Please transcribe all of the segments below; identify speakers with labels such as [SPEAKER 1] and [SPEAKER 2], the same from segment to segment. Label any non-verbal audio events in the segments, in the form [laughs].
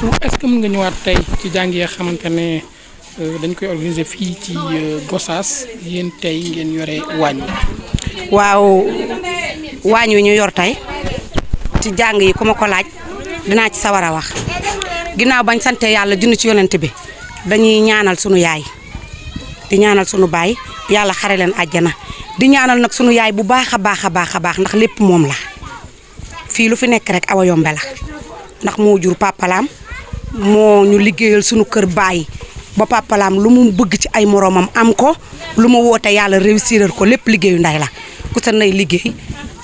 [SPEAKER 1] question est-ce que mën nga tey ci jàng yi xamante ne euh, dañ koy organiser
[SPEAKER 2] fii ci euh, Gossas yéen tey ngeen yore waañ waaw waañ wi ñu yor tey ci jàng yi ku ma ko laaj dinaa ci sawar a wax ginnaaw bañ sante yàlla junni ci yonent bi dañuy ñaanal sunu yaay di ñaanal sunu baay yàlla xare leen àjjana di ñaanal nag sunu yaay bu baax a baax a baax a baax ndax lépp moom la fii lu fi nekk rek awa yombe la ndax moo jur papalaam moo ñu liggéeyal suñu kër bàyyi ba papalaam lu mu bëgg ci ay moroomam am ko lu mu woote yàlla réussiral ko lépp liggéeyu nday la ku sa nay liggéey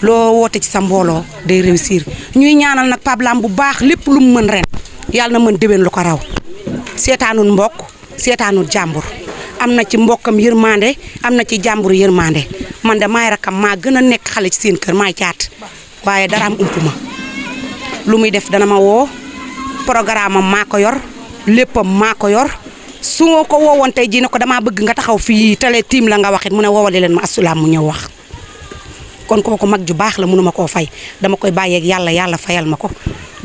[SPEAKER 2] loo woote ci sa mbooloo day réussir ñuy ñaanal nag papalaam bu baax lépp lu mu mën ren yàlla na mën déwén lu ko raw seetaanul mbokk seetaanul jàmbur am na ci mbokkam yërmande am na ci jàmbur yërmande man de may rakam maa gën a nekk xale ci seen kër maay caat waaye dara ump ma lu muy def dana ma programme mako yor léppam mako yor su nga ko wowon tay ji nako dama bëgg nga taxaw fi télé team la nga waxit mu ne wowalé len ma assalam mu ñew wax kon ko mag ju bax la mënuma fay dama koy ak yalla yalla fayal ma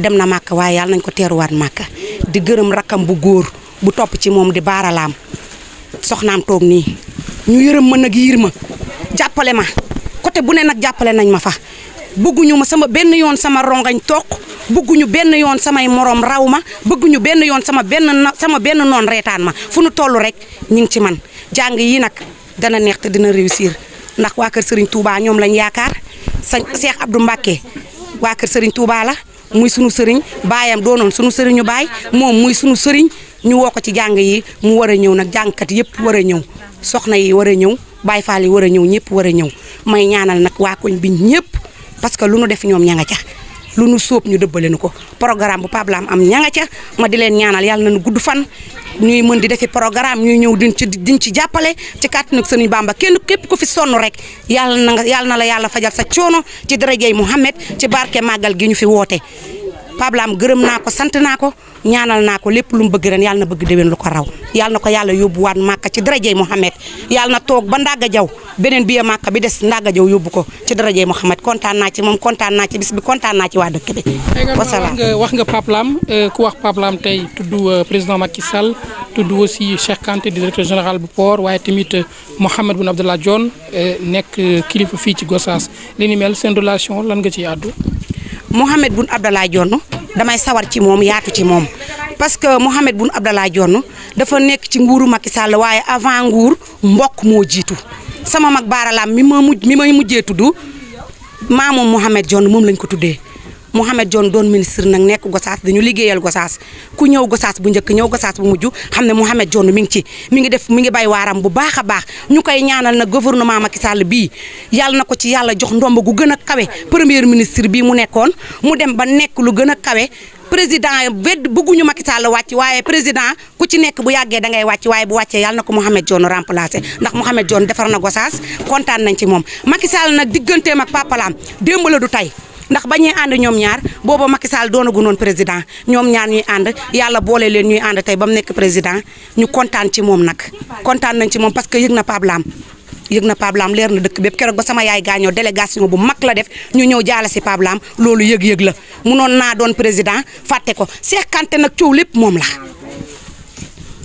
[SPEAKER 2] dem na màkk way yalla nañ ko teeruwaat màkk di gëreum rakam bu goor bu top ci mom di baralam soxnam tok ni ñu yërëm ma nag yirma jappalé ma côté bu ne nak jappalé nañ ma fa bëgguñu ma sama benn yoon sama rongañ toq bëgguñu benn yoon samay moroom raw ma bëgguñu benn yoon sama benn sama benn noon reetaan ma fu nu toll rek ñu ngi ci man jàng yi nag dana neex dina réussir ndax waa kër Serigne ñoom lañ yaakaar sañ Cheikh Abdou Mbacké waa kër Serigne la muy sunu sëriñ baayam doonoon sunu sëriñu baay moom muy sunu sëriñ ñu woo ko ci jàng yi mu war a ñëw nag jàngkat yëpp war a ñëw soxna yi war a ñëw baay faal yi war a ñëw ñëpp war a ñëw may ñaanal nag waa koñ bi ñëpp parce que lu nu def ñoom ña nga lu nu sóob ñu dëbbale nu ko programme bu pablam am ña nga ca ma di leen ñaanal yàlla nañu gudd fan ñuy mën di defi programme ñuy ñëw diñ ci diñ ci jàppale ci kàttan ak sëriñ Bamba kenn képp ku fi sonn rek yàlla na yàlla na la yàlla fajal sa coono ci darajey Mouhamed ci barke màggal gi ñu fi woote pablam gërëm naa ko sant naa ko ñaanal naa ko lépp lu mu bëgg ren yàlla na bëgg déwén lu ko raw yàlla ko yàlla yóbbuwaat màkka ci darajey Mouhamed yàlla na toog ba Ndaga Jaw beneen biye màkka bi des Ndaga Jaw yóbbu ko ci darajey Mouhamed kontaan naa ci moom kontaana ci bis bi kontaan waa dëkk bi
[SPEAKER 1] wasalaam wax nga Pape euh, ku wax Pape Lam tey tudd euh, président Macky tudd aussi Cheikh Kanté directeur général bu poor waaye tamit euh, Mouhamed Boun Abdallah Dionne nekk kilifa fii ci Gossas li ni mel seen relation lan nga ciy àddu
[SPEAKER 2] Mouhamed Boun Abdallah Dionne damay sawar ci moom yaatu ci moom parce que Mahammed Boun Abdallah jonn dafa nekk ci nguuru Macky Sall waaye avant nguur mbokk moo jiitu sama mag baaralaam mi ma mujj mi may mujjee tudd maamoom Mahammed jonn moom lañ ko tuddee Mouhamed Dione doon ministre nag nekk Gossas dañu liggéeyal Gossas ku ñëw Gossas bu njëkk ñëw Gossas bu mujj xam ne Mouhamed Dione mi ngi ci mi ngi def mi ngi bay waaram bu baaxa a baax ñu koy ñaanal nag gouvernement Macky Sall bii yàlla na ko ci yàlla jox ndomb gu gën a kawe premier ministre bii mu nekkoon mu dem ba nekk lu gën a kawe président wedd bëgguñu Macky Sall wàcc waaye président ku ci nekk bu yàggee da ngay wàcc waaye bu wàccee yàlla na ko Mouhamed Dione remplacé ndax Mouhamed Dione defar na Gossas kontaan nañ ci moom Macky Sall nag digganteem ak papalam démb la du tey ndax ba ñuy ànd ñoom ñaar booba Macky Sall doonagu noon président ñoom ñaar ñuy ànd yàlla boole leen ñuy ànd tey ba mu nekk président ñu kontaan ci moom nag kontaan nañ ci moom parce que yëg na Pape Lam yëg na Pape leer na dëkk bépp keroog ba sama yaay gaañoo délégation bu mag la def ñu ñëw jaala si Pape loolu yëg-yëg la munoon naa doon président fàtte ko Cheikh Kanté nag coow lépp moom la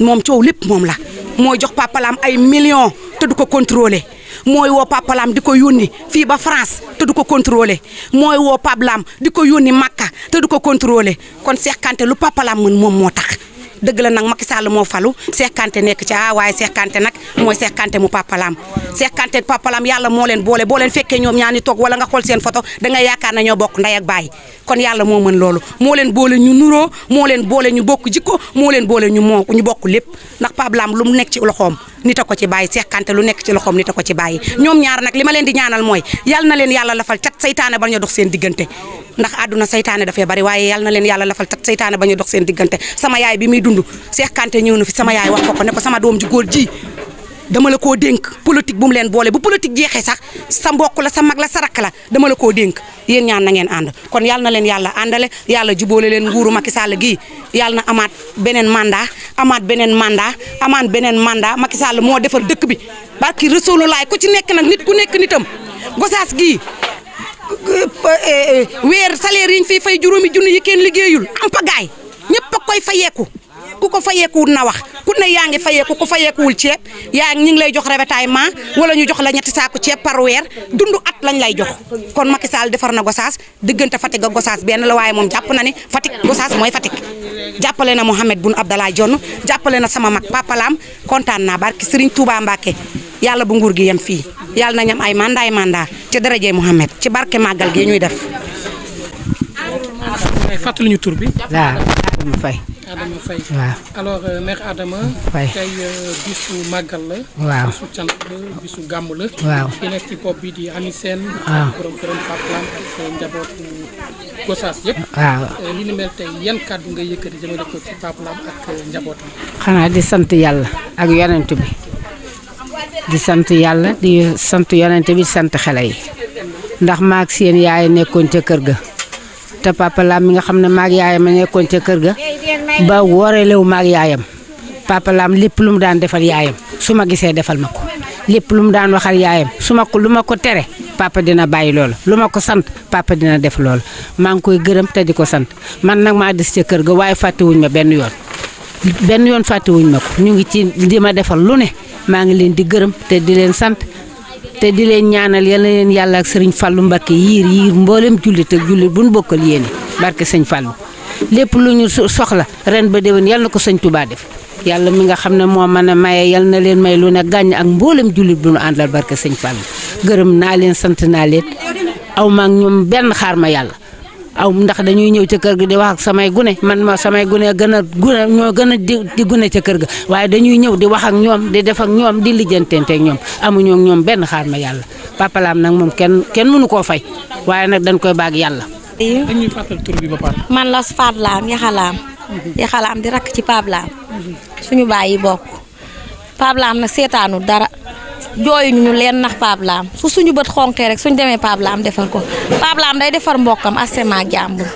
[SPEAKER 2] moom coow lépp moom la mooy jox Pape ay millions te du ko contrôler mooy woo papalam diko di ko yónni fii ba France te du ko moy mooy woo diko yoni di ko yónni Makka te du ko kon Cheikh Kanté lu papalam mom mën moom moo tax. dëgg la nag Macky moo falu Cheikh Kanté nekk ci ah waaye Cheikh Kanté nag mooy Cheikh Kanté mu papalaam Cheikh Kanté papalaam yàlla moo leen boole boo leen fekkee ñoom ñaani toog wala nga xool seen photo da nga yaakaar na ñoo bokk ndey ak baay kon yàlla moo mën loolu moo leen boole ñu nuroo moo leen boole ñu bokk jikko moo leen boole ñu moo ñu bokk lépp ndax papalaam lu nekk ci loxoom nita ko ci bàyyi Cheikh Kanté lu nekk ci loxoom nita ci bàyyi ñoom ñaar nag li leen di ñaanal mooy yàlla na leen yàlla lafal cat saytaane ba ñu dox seen diggante ndax àdduna saytaane dafay bari waaye yàlla na leen yàlla lafal cat saytaane ba ñu dox seen dundu Cheikh Kanté ñewnu fi sama yaay wax ko ko ne ko sama doom ji góor ji dama la ko denk politique bu mu len bolé bu politique jexé sax sa mbokk la sa mag la sa rak la dama la ko denk yeen ñaan na ngeen and kon yalla na yalla andalé yalla ju bolé len nguuru Macky Sall gi yalla na amaat benen mandat amaat benen mandat amaat benen mandat Macky Sall mo défar dëkk bi barki Rasulullah ku ci nekk nak nit ku nekk nitam gossas gi eh, eh, wer salaire yi fi fay juróomi junni yi kenn liggéeyul am pa ñëpp a koy fayeku ku ko fayeekuwul na wax ku ne yaa ngi fayeeku ko fayeekuwul ceeb yaa ngi ñu ngi lay jox ravitaillement wala ñu jox la ñetti saako ceeb parweer weer dundu at lañ lay jox kon Macky Sall defar na Gossas diggante Fatick ak Gossas benn la waaye moom jàpp na ni Fatick Gossas mooy Fatick jàppale na Mouhamed Boun Abdallah Dionne jàppale na sama mag papalaam kontaan naa barke Serigne Touba Mbacke yàlla bu nguur gi yem fii yàlla na ñam ay mandat ay ci darajee Mouhamed ci barke màggal gi ñuy def fàttali ñu tur bi. waaw Adama Faye.
[SPEAKER 1] Adama Faye waaw. Euh, tey euh, bisu màggal la. waaw bisu bisu gàmm la. waaw ki nekk ci bopp bi euh, tey yan kàddu nga yëkkati jëmale ko ci Pape Lam ak njabootam.
[SPEAKER 3] xanaa di sant yàlla ak yonent bi di sant yàlla di sant yonent bi sant xale yi ndax maag seen yaay nekkoon ca kër ga. te papa Lam mi nga xam ne maag yaayam a nekkoon ca kër ga ba woorelewu maag yaayam papa Lam lépp lu mu daan defal yaayam su ma gisee defal ma ko lépp lu mu daan waxal yaayam su ma ko lu ma ko tere papa dina bàyyi loolu lu ma ko sant papa dina def loolu maa ngi koy gërëm te di ko sant man nag maa dis ca kër ga waaye fàttewuñ ma benn yoon benn yoon fàttewuñ ma ko ñu ngi ci di ma defal lu ne maa ngi leen di gërëm te di leen sant te di leen ñaanal yal na leen yàlla ak sëriñ Fallou Mbacké yiir yiir mboolem jullit ak jullit bu nu bokkal yéene barke sëñ Fallou lépp lu ñu soxla ren ba déwén yal na ko sëñ Touba def yàlla mi nga xam ne moo mën a maye yal na leen may lu ne gàññ ak mboolem jullit bu nu àndal barke sëñ Fallou gërëm naa leen sant naa leen aw ma ñoom benn xaar ma yàlla. aw ndax dañuy ñëw ca kër gi di wax ak samay gune man ma samay gune gën a gune ñoo gën a di gune ca kër ga waaye dañuy ñëw di wax ak ñoom di def ak ñoom di lijjantente ak ñoom amuñu ak ñoom benn xaar ma yàlla papalaam nag moom kenn kenn mënu koo fay waaye nag dañ koy baag yàlla.
[SPEAKER 4] dañuy fàttali tur bi man la faat laam yaxalaam yaxalaam di rakk ci paab laam mhm. suñu baay yi bokk. Pablaam na seetaanu dara jooyuñu ñu leen nax Pablaam su suñu bët xonkee rek suñ demee Pablaam defar ko Pablaam day defar mbokkam asema jàmbur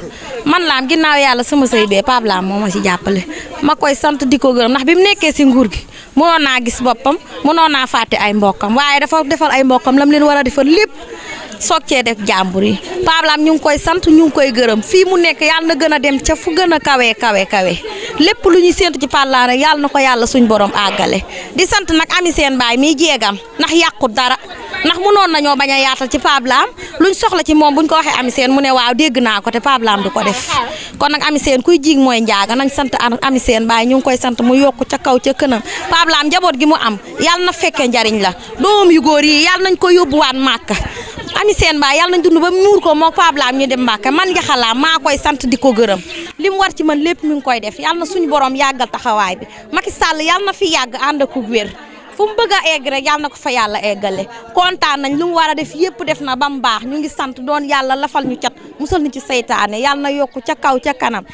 [SPEAKER 4] man laam ginnaaw yàlla sama sëy bee Pablaam moo ma ci jàppale ma koy sant di ko gërëm ndax bi mu nekkee si nguur gi mënoon naa gis boppam mënoon naa fàtte ay mbokkam waaye dafa defar ay mbokkam lam leen war a defar lépp soog cee def jàmbur yi Pablam ñu ngi koy sant ñu ngi koy gërëm fii mu nekk yàlla na gën a dem ca fu gën a kawe kawe kawe lépp lu ñuy séntu ci Parla rek yàlla na ko yàlla suñ borom àggale di sant nag ami seen baay mi jéegam ndax yàqut dara ndax mënoon nañoo bañ a yaatal ci Pablam luñ soxla ci moom buñ ko waxee ami seen mu ne waaw dégg naa ko te Pablam du ko def kon nag ami seen kuy jiig mooy njaaga nañ sant ami seen baay ñu ngi koy sant mu yokk ca kaw ca kënam Pablam njaboot gi mu am yàlla na fekkee njariñ la doom yu góor yi yàlla nañ ko yóbbuwaat màkka ami seen baa yàlla nañ dund ba ko moo pablaam ñu dem Mbàkke man nga xalaat maa koy sant di ko gërëm li mu war ci man lépp mi koy def yàlla na suñu borom yàggal taxawaay bi Macky Sall yàlla na fi yàgg ànd ak wér fu mu bëgg a egg rek yal na ko fa yàlla eggale kontaan nañ lu mu war a def yépp def na ba mu baax ñu ngi sant doon yàlla lafal ñu cat musal ñu ci seytaane yàlla na yokk ca kaw ca kanam.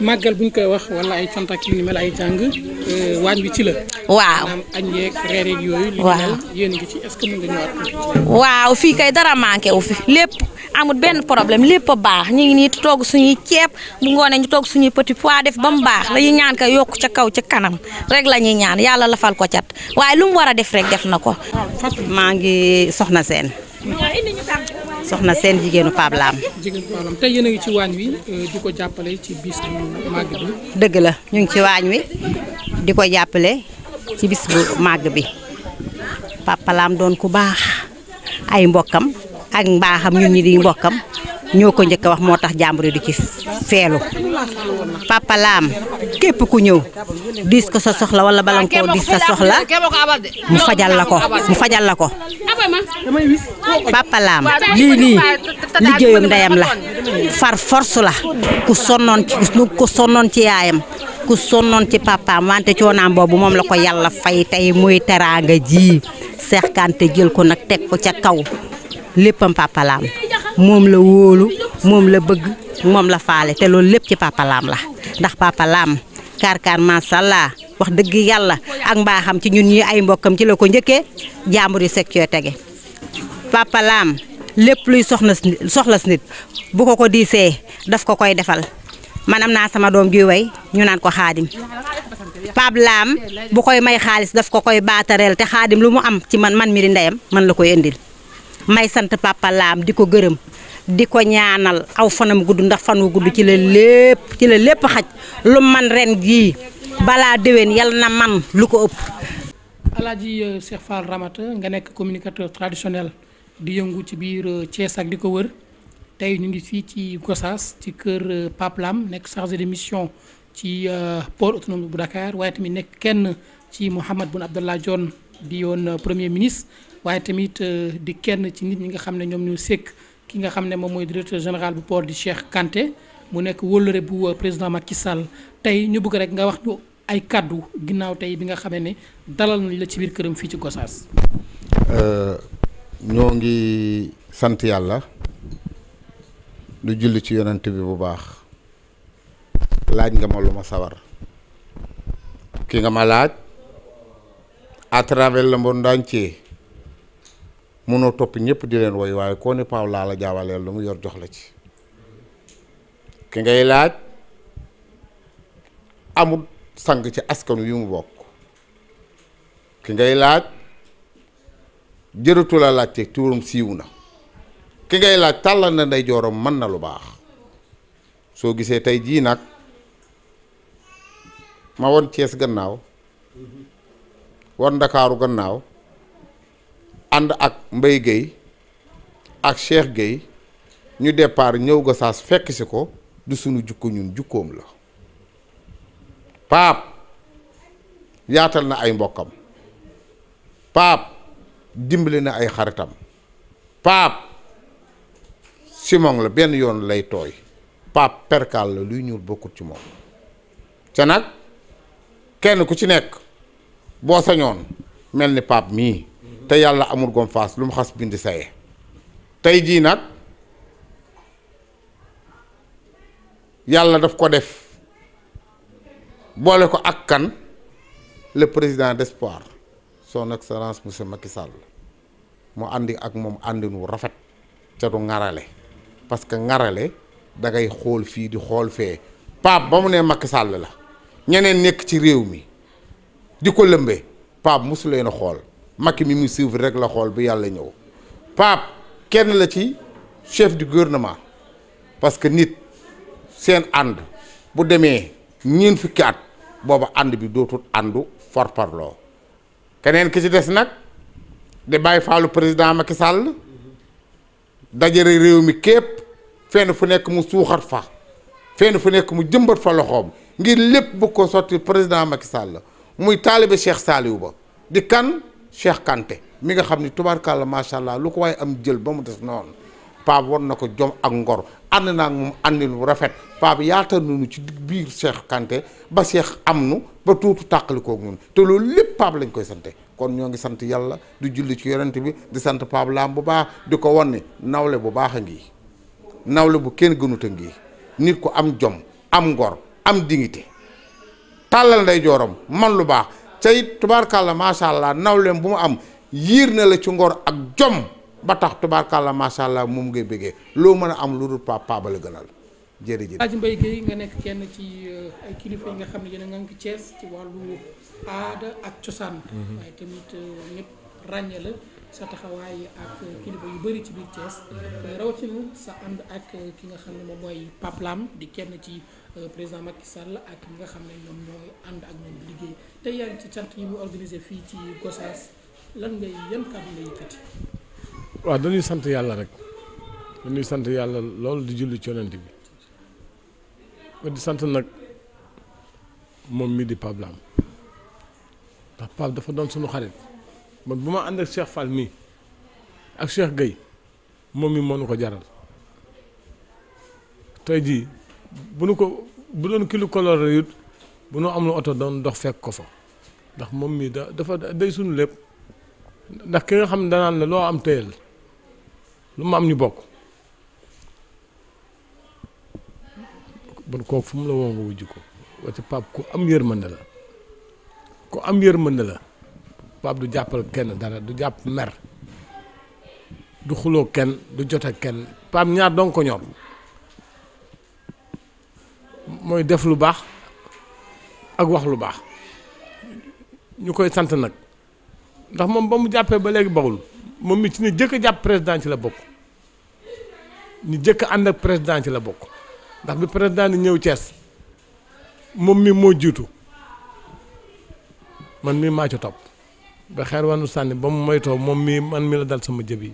[SPEAKER 1] màggal buñ koy wax wala ay cant ak yu ni mel ay euh, ci la. waaw maanaam añ ngi ci est-ce
[SPEAKER 4] que fii kay dara manqué wu lépp amul benn problème lépp baax ñu ngi nii toog suñuy ceeb bu ngoonee ñu toog suñuy petit pois def ba mu baax la ñuy ñaan yokk ca kaw ca kanam rek la ñaan yàlla lafal ko cat waaye war a def rek def na ko. maa ngi soxna seen.
[SPEAKER 5] soxna seen jigéenu Pape Lam.
[SPEAKER 1] jigéenu Pape Lam tey ci waañ wi euh, di ko jàppale ci bis bu
[SPEAKER 5] màgg bi. dëgg la ñu ngi ci waañ wi di ko jàppale ci bis màgg bi Pape doon ku baax ay mbokkam ak mbaaxam ñun ñi di mbokkam. ñoko ñëk wax moo tax du ci félu
[SPEAKER 4] papa Lam,
[SPEAKER 5] képp ku ñëw dis ko sa soxla wala balan ko dis sa soxla
[SPEAKER 2] mu fajal lako mu fajal lako papa lam li, nii liggéeyam ndayam la far force la ku
[SPEAKER 5] sonnon ci ku sonnon ci yaayam ku sonnon ci papaam wante wonam bobu mom la ko yalla fay tay muy teranga ji seexkante jël ko nak tek ko ca kaw leppam papa Lam. moom la wóolu moom la bëgg moom la faale te loolu lépp ci papa laam la ndax papa laam kaar-kaar masàllaa wax dëgg yàlla ak mbaaxam ci ñun ñi ay mbokkam ci la ko njëkkee jàmbur yi seg coo tege papa laam lépp luy soxna soxlas nit bu ko ko diisee daf ko koy defal man am naa sama doom juy way ñu naan ko xaadim pap laam bu koy may xaalis daf ko koy baatareel te xaadim lu mu am ci man man mi di ndeyam man la koy indil may sant papa di ko gërëm di ko ñaanal aw fanam gudd ndax fan wu gudd ci la lépp ci la lépp xaj lu man ren gii balaa déwén yal na man lu ko ëpp.
[SPEAKER 1] Alaaji euh, Cheikh Fall Ramata nga nekk communicateur traditionnel di yëngu ci biir euh, Thiès ak di ko wër tey ñu ngi fii ci Gossas ci kër euh, Pape nekk chargé de mission ci port autonome bu Dakar waaye tamit nekk kenn ci Mouhamed Boun Abdallah Dionne. di euh, premier ministre waaye tamit euh, di kenn ci nit ñi nga xam ne ñoom ñu sekk ki nga xam ne moom mooy directeur général bu port de Cheikh Kanté mu nekk wóllëre bu euh, président Macky Sall tey ñu bëgg rek nga wax ñu ay kàddu ginnaaw tey bi nga xamee ne dalal nañ la ci biir këram fii ci Gossas.
[SPEAKER 6] ñoo ngi sant yàlla lu julli ci yonent bi bu baax laaj nga ma lu ma sawar ki nga ma laaj à travers le monde entier munoo topp ñëpp di leen woy waaye koo ne Paw laa la jaawaleel lu mu yor jox la ci ki ngay laaj amul sang ci askan wi mu bokk ki ngay laaj jërëtu la laajte tuuram siiw na ki ngay laaj tàllal na ndey joorom mën na lu baax soo gisee tey jii nag ma won Cees gannaaw war ndakaaru gannaaw ànd ak Mbaye Gueye ak Cheikh Gueye ñu départ ñëw Gossas fekk si ko du sunu jukko jukkoom la paap yaatal na ay mbokkam paap dimbali na ay xaritam paap simon la benn yoon lay tooy paap perkaal la luy ñuul bokkut ci moom ca nag kenn ku ci nekk boo sañoon mel ni paap mii te yàlla amul gom faas lu mu xas bind saye tey jii nag yàlla daf ko def boole ko ak kan le président d'espoir son excellence monsieur Macky Sall mu àndi ak moom àndinu rafet ca du ŋarale parce que ŋarale da ngay xool fii di xool fee paap ba mu ne Macky Sall la ñeneen nekk ci réew mi di ko lëmbe Pape mosu leen a xool Macky mi mu suivre rek la xool bi yàlla ñëw Pape kenn la ci chef du guvernement parce que nit seen ànd bu demee ñeent fukki at booba ànd bi dootul àndu for keneen ki ci des nag di bàyyi faalu président Macky Sall dajare réew mi képp fenn fu nekk mu suuxat fa fenn fu nekk mu jëmbat fa loxoom ngir lépp bu ko sotti président Macky Sall muy taalibe Cheikh Saliou ba di kan Cheikh Kanté mi nga xam ni tubaarkàlla macha allah lu ko waaye am jël ba mu des noonu Pape won na ko jom ak ngor ànd naa moom rafet Pape yaatal nañu ci biir Cheikh Kanté ba Cheikh am nu ba tuutu tàqalikoog te loolu lépp Pape lañ koy sante kon ñoo ngi sant yàlla di julli ci yonent bi di sant Pape Lam bu baax di ko wan ni bu baax a ngi nawle bu kenn gënut a ngi nit ku am jom am ngor am dignité talal nday joram man lu bax ca it tubaarkàlla macha allah nawleem bu mu am yirna la ci ngor ak jom ba tax tubaarkàlla macha allah moom ngay bëggee loo mën am lu dul papa ba la gënal jeri jeri
[SPEAKER 1] aji Mbaye geey nga nek kenn ci euh, ay kilifa yi nga xamni ne nga ngi ciess ci walu aada ak ciosan mhm. way tamit euh, ñep ràññee la sa taxaway ak kilifa yu bari ci biir ciess mhm. rawti sa and ak ki nga xamni mo moy paplam di kenn ci. Euh, président Macky Sall ak ñi nga xam ne ñoom ñooy ànd ak ñoom liggéey tey yaa ci cant yi mu organisé fii ci Gossas lan ngay yan kàddu ngay yëkkati.
[SPEAKER 7] waaw dañuy sant yàlla rek dañuy sant yàlla loolu di julli ci yonent bi ko di sant nag moom mii di Pape Lam ndax Pape dafa doon suñu xarit man bu ma ànd ak Cheikh Fall mii ak Cheikh Gueye moom mi moo nu ko jaral tey jii. bu nu ko bu doon kilo koloor yut bu nu am oto doon dox fekk ko fa ndax moom mii da dafa day sunu lépp ndax ki xam ne danaan la loo am téyel lu mu am ñu bokk bon kooku fu mu la woo nga wujj ko wate pap ku am yërmande la ku am yërmande la pap du jàppal kenn dara du jàpp mer du xuloo kenn du jote kenn pap ñaar dong ko ñor mooy def lu baax ak wax lu baax ñu koy sant nag ndax moom ba mu jàppee ba léegi bawul moom mi ci ni jëkk jàpp président ci la bokk ñu jëkk ànd ak président ci la bokk ndax bi président ni ñëw cees moom mii moo jiitu man mii maa ca topp ba xeer wanu sànni ba mu moytoo moom mii man mi la dal sama jëb yi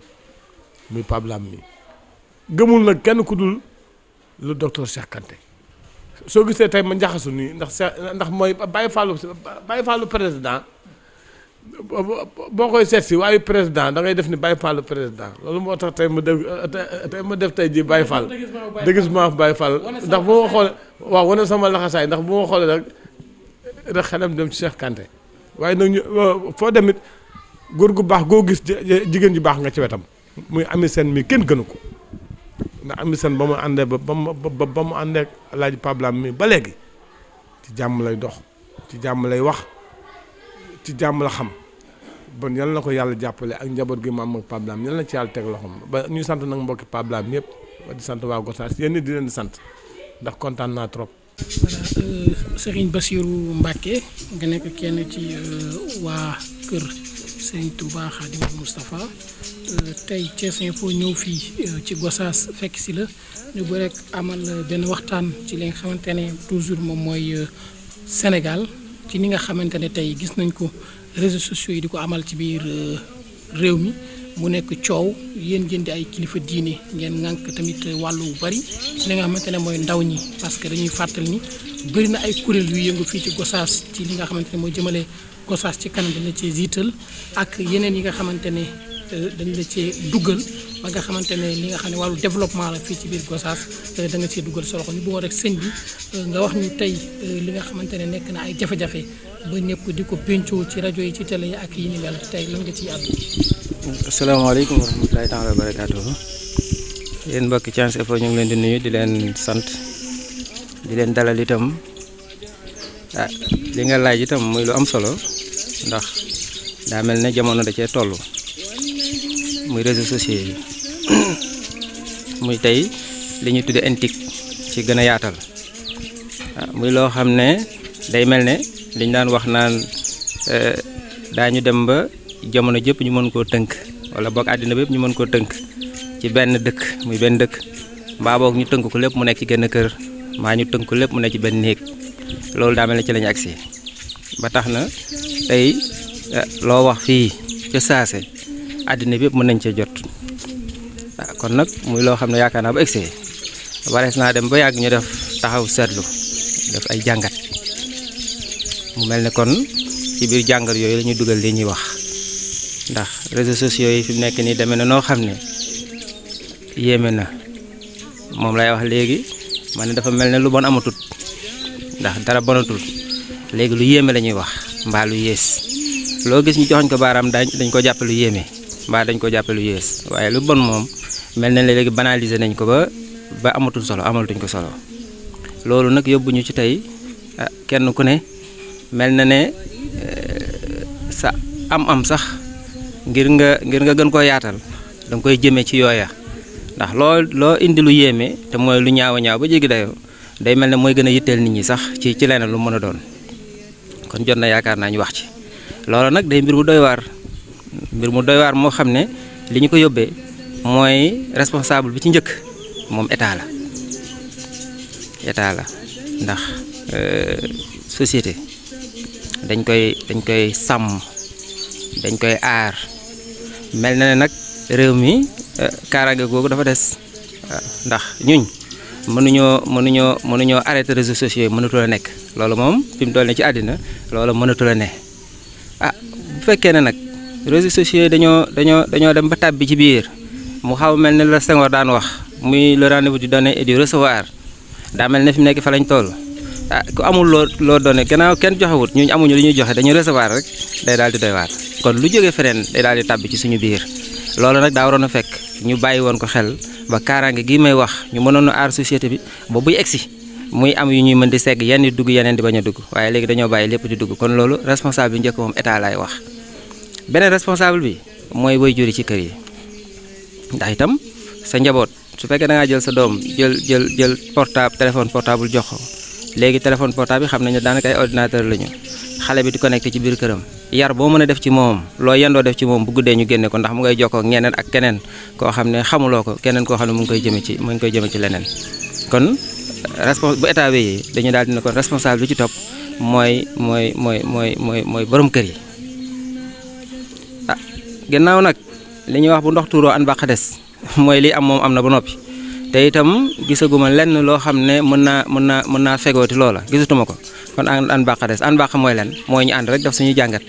[SPEAKER 7] muy pablam mi gëmul nag kenn ku dul lu docteur Cheikh soo gisee tey ma njaxasu nii ndax se ndax mooy bàyyi fàllu bàyyi fàllu président boo koy seet si waaye président da def ni bay fàllu président loolu moo tax tey ma def tey ma def tey ji bàyyi fàll déguisement bàyyi fàll ndax bu ma xoolee waaw wane sama laxasaay ndax bu ma xoolee rek rek xelam dem ci Cheikh Kanté waaye nag ñu foo it góor gu baax goo gis jigéen ju baax nga ci wetam muy ami seen mii kenn gënu ko na Ami sen ba ande àndee ba ba mu ba mu Pablam mi ba léegi ci jàmm lay dox ci jàmm lay wax ci jàmm la xam bon yal na ko yàlla jàppale ak njabot gi mam ak Pablam yal na ci yàlla tek loxoom ba ñu sant nak mbokk Pablam yëpp di sant wa Gossas yene di len sant ndax kontaan na trop. voilà euh,
[SPEAKER 1] Serigne Bassirou Mbacké nga nek kenn ci euh, wa keur Serigne Touba Khadim mustapha tey Thiès Info ñëw fii euh, ci Gossas fekk si la ñu ba rek amal euh, benn waxtaan ci li nga xamante ne toujours moom mooy euh, Sénégal ci li nga xamante ne tey gis nañ ko réseaux sociaux yi di ko amal ci biir réew mi mu nekk coow yéen ngeen di ay kilifa diine ngeen ŋànk tamit wàll bu bari ci li nga xamante mooy ndaw ñi parce que dañuy fàttali ni bëri na ay kuréel yu yëngu fii ci Gossas ci li nga xamante ne mooy jëmale Gossas ci kanam dina ci jiital ak yeneen yi nga xamante ne. dañu la cee duggal ba nga xamante ne li nga xam ne wàllu développement la fii ci biir Gossas da nga cee duggal solo ko ñu bëggoon rek sëñ bi euh, nga wax ni tey euh, li nga xamante ne nekk na ay jafe-jafe ba ñëpp di ko pencoo ci rajo yi ci télé yi ak yi ni mel tey lan nga ciy àddu.
[SPEAKER 8] asalaamaaleykum wa rahmatulaahi ngi leen di nuyu di leen sant di leen dalal itam ah nga laaj itam muy lu am solo ndax daa mel ne jamono da cee toll. muy réseaux sociaux yi [coughs] muy tey li ñuy tudde NTIC ci gën a yaatal ah, muy loo xam ne day mel ne liñ daan wax naan eh, daañu dem ba jamono jëpp ñu mën koo tënk wala boog àddina bépp ñu mën koo tënk ci benn dëkk muy benn dëkk mbaa boog ñu tënk ko lépp mu nekk ci genn kër mbaa ñu tënk ko lépp mu nekk ci benn néeg loolu daa mel ne ci lañu agsi ba tax na tey eh, loo wax fii ca saase àddina bépp mën nañ ci jot ah, kon nak muy lo xamne yakana yaakaar naa ba egsee warees naa dem ba yag ñu def taxaw seetlu def ay jangat mu melni kon ci biir jangal yoy lañu duggal li ñi wax ndax réseaux sociaux yi fi nekk ni demee na no xamne yéme na mom lay wax légui man dafa melni lu bon amatut ndax dara bonatul légui lu yéme lañuy wax mbaa lu yées loo gis ñu joxoñ ko baaraam dañ dañ ko jàppe lu mbaa dañ ko jàppe lu yées waaye lu bon moom mel na ne léegi banaliser nañ ko ba ba amatul solo amatuñ ko solo loolu nag yóbbu ñu ci tey ah, kenn ku ne mel na ne eh, sa am-am sax ngir nga ngir nga gën koo yaatal danga koy jëme ci yooya ndax loo loo indi lu yéeme te mooy lu ñaaw a ñaaw ba jéggi dayoo day mel ne mooy gën a yitteel nit ñi sax ci ci leneen lu mën a doon kon jot na yaakaar naa ñu wax ci loolu nag day mbir bu doy waar. mbir mu doy waar moo xam ne li ñu ko yóbbee mooy responsable bi ci njëkk moom état la état la ndax euh, société dañ koy dañ koy sàmm dañ koy aar mel na ne nag réew mi euh, kaaraange googu dafa des ndax ñuñ mënuñoo mënuñoo mënuñoo arrêté réseaux sociaux yi mënatul a nekk loolu moom fi mu ne ci àddina loolu mënatul a ne ah bu fekkee ne nag réseaux sociaux dañoo dañoo dañoo dem ba tàbbi ci biir mu xaw mel ne la Senghor daan wax muy le rendez-vous du donner et du recevoir daa mel ne fi mu nekk fa lañ toll ah ku amul loo loo donné gannaaw kenn joxewut ñu amuñu lu ñuy joxe dañuy recevoir rek day daal di doy waar kon lu jógee feneen day daal di tàbbi ci suñu biir loolu nag daa waroon a fekk ñu bàyyi woon ko xel ba kaaraange gi may wax ñu mënoon a aar société bi ba buy egsi muy am yu ñuy mën di segg yenn dugg yeneen di bañ a dugg waaye léegi dañoo bàyyi lépp di dugg kon loolu responsable bi njëkk moom laay wax beneen responsable bi mooy way juri ci kër yi ndax itam sa njaboot su fekkee dangaa jël sa doom jël jël jël portable téléphone portable jox ko léegi téléphone portable yi xam nañu daanaka ay ordinateur la xale bi di connecté ci biir këram yar boo mën a def ci moom loo yendoo def ci moom bu guddee ñu génne ko ndax mu ngay jokkoo ak ñeneen ak keneen koo xam ne xamuloo ko keneen koo xam ne mu ngi koy jëme ci mu ngi koy jëme ci leneen kon respons bu état bi dañu daal dina kon responsable bi ci topp mooy mooy mooy mooy mooy mooy borom kër yi ginnaaw nag li ñuy wax bu ndox tuuroo an bàq des mooy lii am moom am na ba noppi te itam gisaguma lenn loo xam ne mën naa mën naa mën naa fegooti loola gisatuma ko kon an an bàq des an bàq mooy lenn mooy ñu ànd rek def suñu jàngat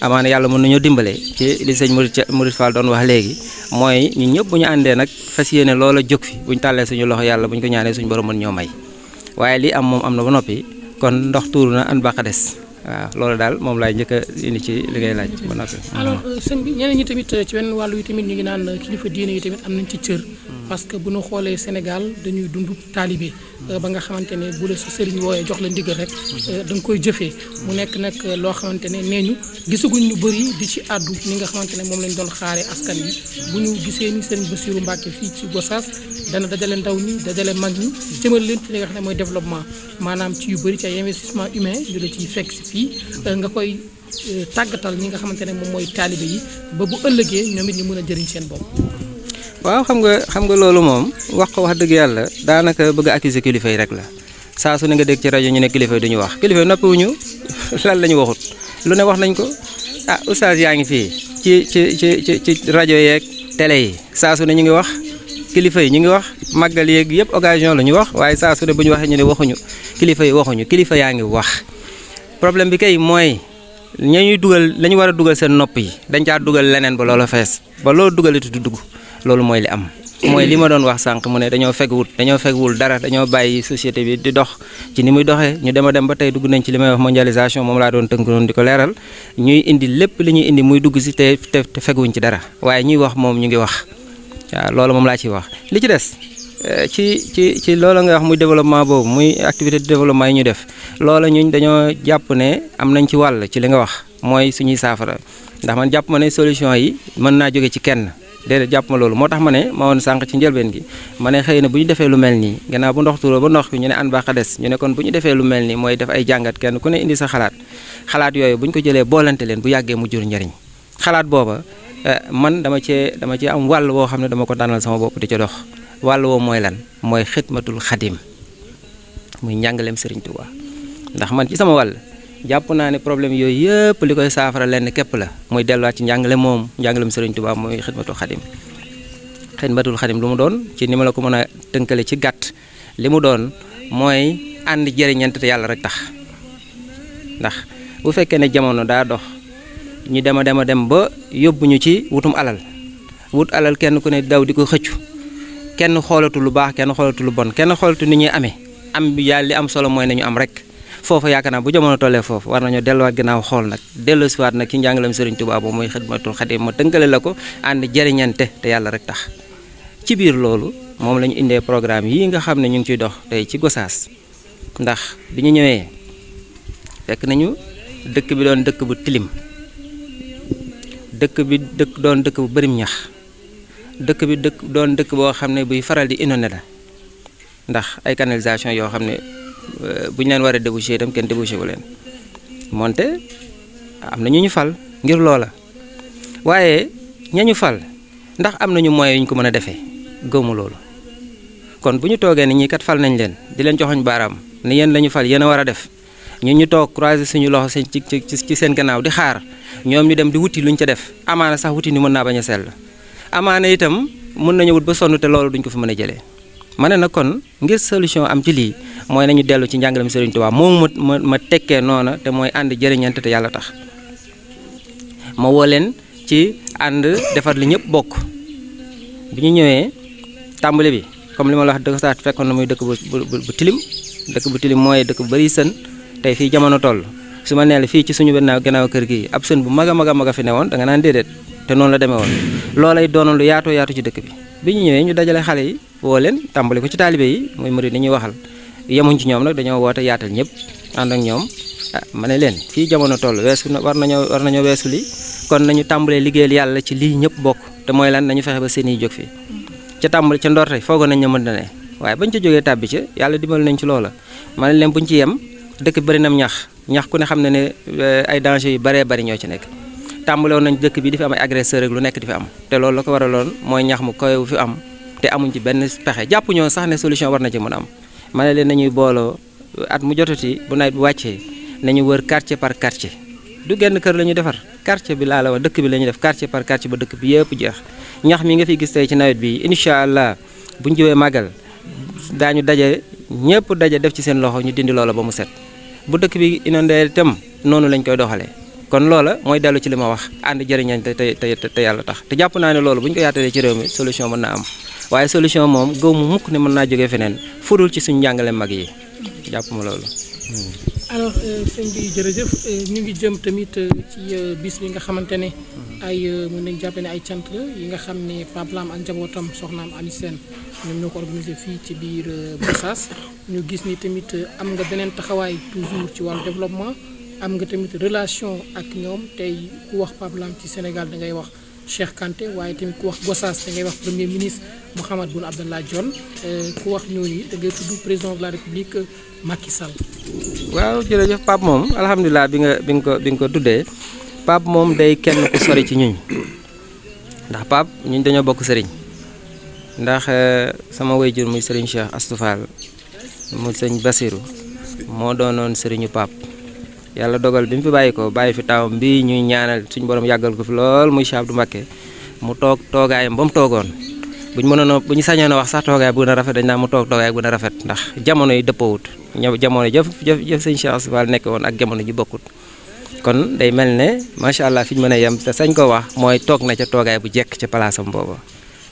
[SPEAKER 8] amaana yàlla mën nañoo dimbale ci li sëñ Murid Murid Fall doon wax léegi mooy ñu ñëpp ñu àndee nag fas yéene loola jóg fi bu ñu tàllee suñu loxo yàlla bu ñu ko ñaanee suñu borom mën ñoo may waaye li am moom am na ba noppi kon ndox tuuru na an bàq des waaw loolu daal moom laay njëkk a indi ci li ngay laaj ba noppi alors
[SPEAKER 1] euh, sëñ bi ñeneen ñi tamit euh, ci wenn wàllu yi tamit ñu ngi naan euh, kilifa diine yi tamit am nañ ci cër hmm. parce que bu ñu xoolee Sénégal dañuy dundu taalibe euh, ba nga xamante ne bu la su sëriñ wooyee jox la ndigal rek euh, danga koy jëfee mu nekk nag loo xamante ne nee ñu gisaguñ ñu bëri di ci àddu ni nga xamante ne moom lañ doon xaaree askan yi bu ñu gisee ni sëriñ Bassirou Mbacke fii ci Gossas dana dajale ndaw ñi dajale mag ñi jëmal leen ci li nga xam ne mooy développement maanaam ci yu bëri ci ay investissement humain yu ci ciy fekk si fii euh, nga koy tàggatal ñi nga xamante ne moom mooy taalibe yi ba bu ëllëgee ñoom it ñu mën a jëriñ seen bopp
[SPEAKER 8] waaw xam nga xam nga loolu moom wax ko wax dëgg yàlla daanaka bëgg a accuser kilifa yi rek la saa su ne nga dégg ci rajo ñu ne kilifa yi duñu wax kilifa yi noppiwuñu [laughs] lan la ñu waxut lu ne wax nañ ko ah oustaz yaa ngi fii ci ci ci ci rajo yeeg télé yi ne ñu ngi wax kilifa yi ñu ngi wax màggal yeeg yëpp occasion la ñu wax waaye saa su ne bu ñu waxee ñu ne waxuñu kilifa yi waxuñu kilifa yaa ngi wax problème bi kay mooy ña ñuy dugal lañu ñu war a dugal seen nopp yi dañ caa dugal leneen ba loola fees ba loolu dugal it du dugg loolu mooy li am mooy li ma doon wax sànq mu ne dañoo feg fegwut dañoo fegwul dara dañoo bàyyi société bi di dox ci ni muy doxee ñu dem a dem ba tey dugg nañ ci li may wax mondialisation moom laa doon tënk doon ko leeral ñuy indi lépp li ñuy indi muy dugg si te te feguñ ci dara waaye ñuy wax moom ñu ngi wax waaw loolu moom laa ciy wax li ci des eh, ci ci ci loolu nga wax muy développement boobu muy activité de développement yi ñu def loola ñun dañoo jàpp ne am nañ ci wàll ci li nga wax mooy suñuy saafara ndax man jàpp ma ne solution yi mën naa jóge ci kenn déedéet jàpp ma loolu moo tax ma ne ma woon sànq ci njëlbeen gi ma xëy na bu ñu defee lu mel nii gannaaw bu ndox tuuroo ba ndox bi ñu ne an baax a des ñu ne kon bu ñu defee lu mel nii mooy def ay jàngat kenn ku ne indi sa xalaat xalaat yooyu bu ñu ko jëlee boolante leen bu yàggee mu jur njëriñ xalaat booba eh, man dama cee dama cee am wàll woo xam ne dama ko tànnal sama bopp di ca dox wàll woo mooy lan mooy xidmatul xadim muy njàngaleem Serigne Touba ndax man ci sama wàll japp na ni problème yoy yépp liko safara saafara lenn képp la muy delluwaat ci njàngale mom njàngalem serigne touba muy xidmatul khadim xidmatul khadim lumu don ci ni la ko meuna teunkelé ci gatt limu don moy and ànd jëriñante te yàlla rek tax ndax bu fekké né jamono da dox ñi dem ba ci wutum alal wut alal kenn ku ne daw diko xëccu kenn xolatu lu baax kenn xolatu lu bon kenn xolatu ni ñi amé am bi yalla am solo moy nañu am rek foofu yaakaar naa bu jamono tollee foofu war nañoo delluwaat ginnaaw xool nag delloosiwaat nag ci njàngalam Serigne Touba boobu mooy xidmatul xadim ma tënkale la ko ànd jëriñante te yàlla rek tax ci biir loolu moom lañu indee programme yi nga xam ne ñu ngi ciy dox tey ci Gossas ndax bi ñu ñëwee fekk nañu dëkk bi doon dëkk bu tilim dëkk bi dëkk doon dëkk bu bërim ñax dëkk bi dëkk doon dëkk boo xam ne buy faral di inondé la ndax ay canalisation yoo xam ne Euh, bu ñu leen war a débouché itam kenn débouché wu leen moonte am na ñu ñu fal ngir loola waaye ña ñañu fal ndax am nañu moyens yu ñu ko mën a defee gëmu loolu kon bu ñu toogee ni ñii kat fal nañ leen di leen joxoñ baaraam ni yéen lañu fal yéen a war a def ñun ñu toog croiser suñu loxo seen ci ci seen gannaaw di xaar ñoom ñu dem di wuti luñ ca def amaana sax wuti ni mën naa bañ a sell amaana itam mën nañu wut ba sonn te loolu duñ ko fi mën a jëlee. mané nakon, na kon ngir solution am ci li moy nañu delu ci njàngalam Serigne Touba moom ma tekke nona te moy and jëriñante te yalla tax ma wolen ci and defar li ñepp bok bi ñu ñëwee tàmbali bi comme lima la wax deug saat fekkon na muy dëkk bu tilim dëkk bu tilim moy dëkk bari bëri tay fi jamono toll suma neel fi la ci suñu bennaw gannaaw kër gi ab sën bu maga maga maga fi da nga nan dedet te non la démé won lolay lu yaatu ci deuk bi biñu ñëwé ñu dajalé xalé yi woo leen tàmbali ko ci taalibe yi mooy murid ni ñuy waxal yemuñ ci ñoom nag dañoo woote yaatal ñëpp ànd ak ñoom ah leen fii jamono toll weesu na war nañoo weesu li kon nañu tàmbalee liggéeyal yàlla ci lii ñëpp bokk te mooy lan nañu fexe ba seen i jóg fii ca tàmbali ca ndorte foogoon nañ ne mën na ne waaye bañ ca jógee tàbbi ca yàlla dimbal nañ ci loola ma leen bu buñ ci yem dëkk bëri nam ñax ñax ku ne xam ne ne eh, ay danger yu bare bari ñoo ci nekk tàmbalewoon nañ dëkk bi di fi lu nekk di am te amuñ ci benn pexé japp ñoo sax né solution war na ci mëna am mané lé nañuy bolo at mu jotati bu nay bi wàccee nañu wër quartier par quartier du genn kër lañu défar quartier bi laa la dëkk bi lañu def quartier par quartier ba dëkk bi yépp jeex ñax mi nga fi gis tay ci nawet bi inshallah buñ jowé magal dañu dajé ñëpp dajé def ci seen loxo ñu dindi loolu ba mu set bu dëkk bi inondé itam nonu lañ koy doxalé kon loolu moy dellu ci lima ma wax ànd jëriñañ te te te yalla tax te japp naa loolu buñ ko yaatalee ci réew mi solution mëna am waaye solution moom gëw mu mukk ne mën naa jógee feneen fudul ci suñu njàngale mag yi jàpp ma loolu.
[SPEAKER 1] alors euh, sëñ bi jërëjëf euh, ñu ngi jëm tamit euh, ci bis bi nga xamante ne. ay mën nañu jàpp ay cant yi nga xam ne Pape Lam ak njabootam soxnaam Ami Sène ñoom ñoo ko organisé fii ci biir Gossas ñu gis ni tamit am nga beneen taxawaay toujours ci wàllu développement am nga tamit relation ak ñoom tey ku wax Pape ci Sénégal da ngay wax. Cheikh Kanté waye tamit ku wax Gossas da ngay wax premier ministre Mouhamed Boun Abdallah euh ku wax ñi da ngay tuddu président de la république eh, Macky Sall. waaw
[SPEAKER 8] jërëjëf pap mom alhamdullilah bi nga bi nga ko bi nga ko tuddee Pape day kenn ku sori ci ñun ndax pap ñun dañoo bokk sëriñ ndax eh, sama wayjur muy sëriñ Cheikh astoufal Fall mu sëñ Basirou mo doonoon sëriñu pap yàlla dogal bi mu fi bàyyi ko bàyyi fi tawam bi ñuy ñaanal suñu boroom yàggal ko fi lool muy Cheikh Abdou Mbacké mu toog toogaayam ba mu toogoon bu ñu mënoon a bu ñu sañoon a wax sax toogaay bu gën a rafet dañ naan mu toog toogaay bu gën ndax jamono yi dëppawut ñëw jamono jëf jëf jëf sëñ Cheikh Asbal nekk woon ak jamono ji bokkut kon day mel ne macha allah fi mën a yem te sañ ko wax mooy toog na ca toogaay bu jekk ca palaasam booba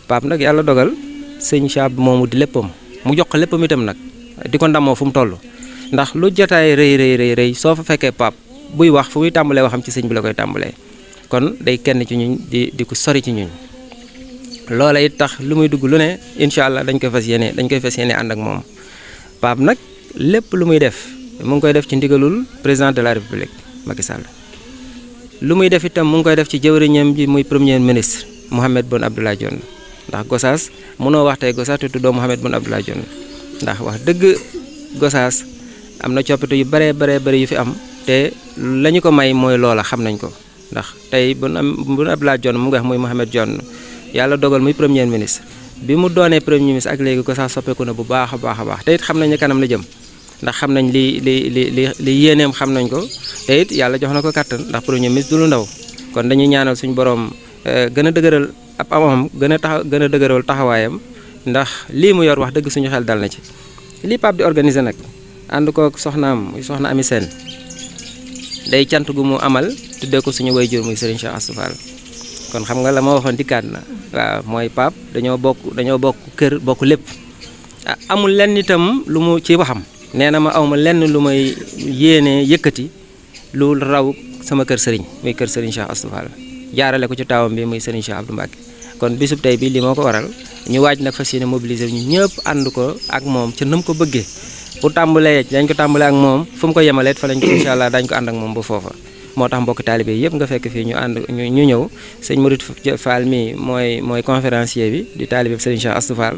[SPEAKER 8] Pape nag yàlla dogal sëñ Cheikh moomu di léppam mu jox ko léppam itam nag di ko ndamoo fu mu toll ndax lu jotaay reey reey reey reey soo fa fekkee pap buy wax fu muy tàmbalee waxam ci sëñ bi la koy tàmbalee kon day kenn ci ñun di di ko sori ci ñun loola it tax lu muy dugg lu ne incha allah dañ koy fas yéene dañ koy fas yéene ànd ak moom pap nag lépp lu muy def mu ngi koy def ci ndigalul président de la république Macky Sall lu muy def itam mu ngi koy def ci jëwriñam ji muy premier ministre Mohamed Bon Abdallah Dionne ndax Gossas mënoo wax tey Gossas te tuddoo Mohamed Boun Abdallah ndax wax dëgg Gossas am na yu bare bare bare yu fi am te lañu ko may moy lola xam nañ ko ndax tay bu am bu abla mu ngi moy mohammed jonn yalla dogal muy premier ministre bi mu doonee premier ministre ak léegi ko sax ko na bu baax a baax a baax te xam nañ kanam la jëm ndax xam nañ li li li li li yéeneem xam nañ ko te yalla yàlla jox na ko kàttan ndax premier ministre du lu ndaw kon dañuy ñaanal suñu borom eh, gëna dëgeural dëgëral ab amam gëna tax gëna dëgeural taxawayam ndax Li mu yor wax dëgg suñu xel dal na ci li pap di organiser nak ànd kook soxnaam muy soxna Ami seen day cant gu mu amal tuddee ko suñu wayjur muy Serigne Cheikh Astou kon xam nga la ma waxoon dikkaat na waaw mooy pap dañoo bokk dañoo bokk kër bokk lépp ah, amul lenn itam lu mu ci waxam nee na ma awma lenn lu may yéene yëkkati lu raw sama kër sëriñ muy kër sëriñ Cheikh Astou jaarale ko ci taawam bi muy sëriñ Cheikh Abdou Mbacke kon bisub tey bi li moo ko waral ñu waaj nag fas yéene mobiliser ñu ñëpp ànd ko ak moom ca nam ko bëggee bu tàmbalee dañ ko tàmbalee ak moom fu mu ko yemaleet fa lañ ko incha allah moo tax mbokki taalibe yëpp nga fekk fii ñu ànd ñu ñëw sëñ Modou Fall mi mooy mooy conférencier bi di taalibe sëriñ Cheikh Astou Fall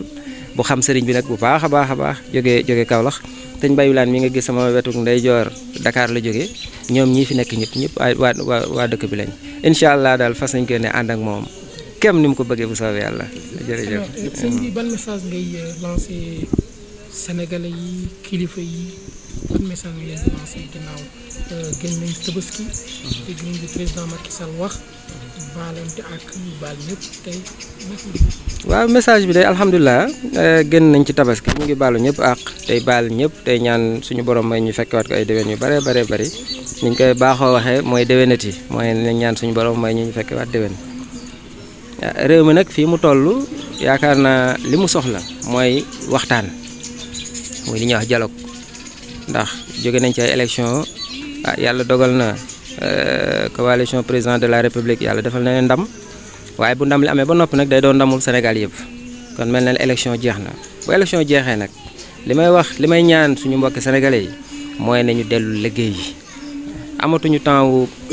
[SPEAKER 8] bi nag bu baax a baax a baax jógee jógee Kaolack sëñ Bayulaan mi nga gis sama wetuk ndeyjoor Dakar la jógee ñoom ñii fi nekk ñëpp ñëpp waa waa waa dëkk bi lañ incha allah daal fa sañ ko ne ànd ak moom kem ni mu ko bëggee bu soobee yàlla
[SPEAKER 1] sénégalais yi kilifa yi message di ginnaaw euh, gën nañ mhm. nañ président Macky Sall wax
[SPEAKER 8] ak bi day euh, gën nañ ci tabaski ñu ngi balu ñëpp ak tey bal ñëpp tey ñaan suñu borom may ñu fekkewaat ko ay dewen yu bare bare bari niñ koy baaxoo waxe mooy dewenati mooy nañ ñaan suñu borom may ñu fekkewaat dewen réew mi nag fii mu toll yaakaar naa soxla mooy waxtaan muy li ñuy wax dialogue ndax jóge nañ ci ay élection ah, yàlla dogal na euh, coalition président de la république yàlla defal na leen ndam waaye bu ndam li amee ba noppi nag day doon ndamul Sénégal yëpp kon mel na ne élection jeex na bu élection jeexee nag li may wax li may ñaan suñu mbokki sénégalais yi mooy nañu dellu liggéey yi amatuñu temps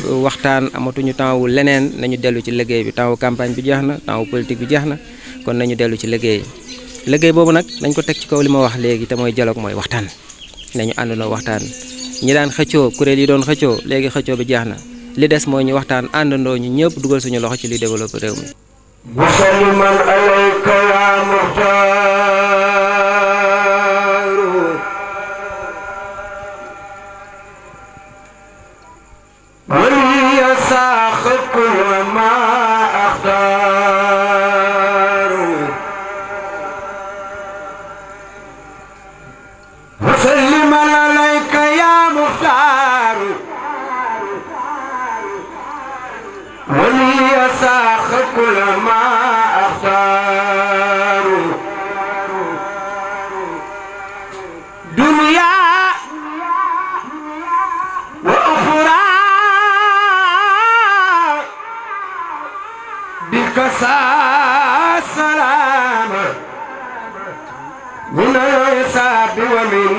[SPEAKER 8] euh, waxtaan amatuñu temps wu leneen nañu dellu ci liggéey bi temps wu campagne bi jeex na temps wu politique bi jeex na kon nañu dellu ci liggéey liggéey boobu nag dañ ko teg ci kaw li ma wax léegi te mooy dialogue mooy waxtaan nañu àndandoo waxtaan ñi daan xëccoo kuréel yi doon xëccoo léegi xëccoo bi jeex na li des mooy ñu waxtaan àndandoo ñu ñëpp dugal suñu loxo ci liy développé réew mi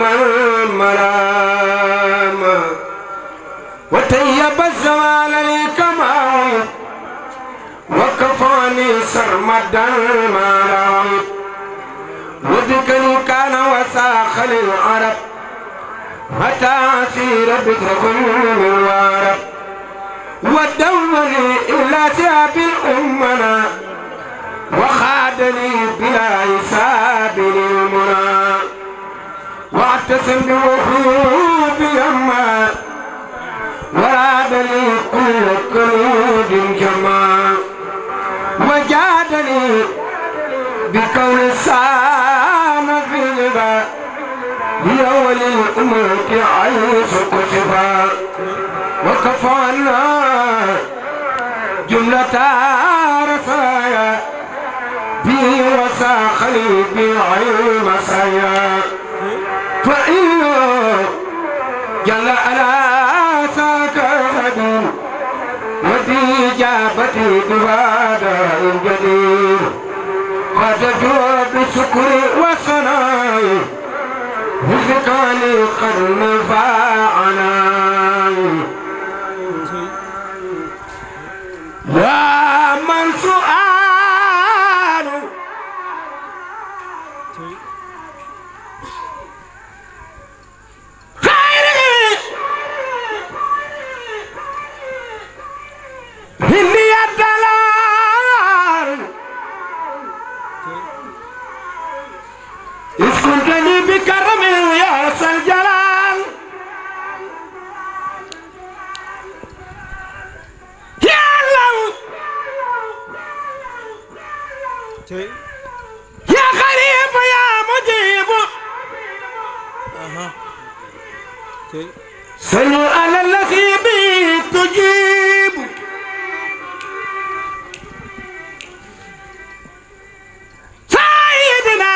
[SPEAKER 9] المنام وطيب الزوال لي كما وكفاني سرمد المنام وذكري كان وساخل العرب وتاثير بكره من وارب ودوري إلى ثياب الأمنا وخادني بلا حساب المنام واعتصم بوحود يما ورادني كل قلود كما وجادني بكون سام في الباب ولي الأمة عيش كشفا وكفانا جملة رسايا بي وسا خليل بعين مسايا فإن جل على ساك أحد ودي جابتي دوادا الجليل قد جواب شكري وصناي وذكاني قد نفعنا لا صلوا على الذي تجيب سيدنا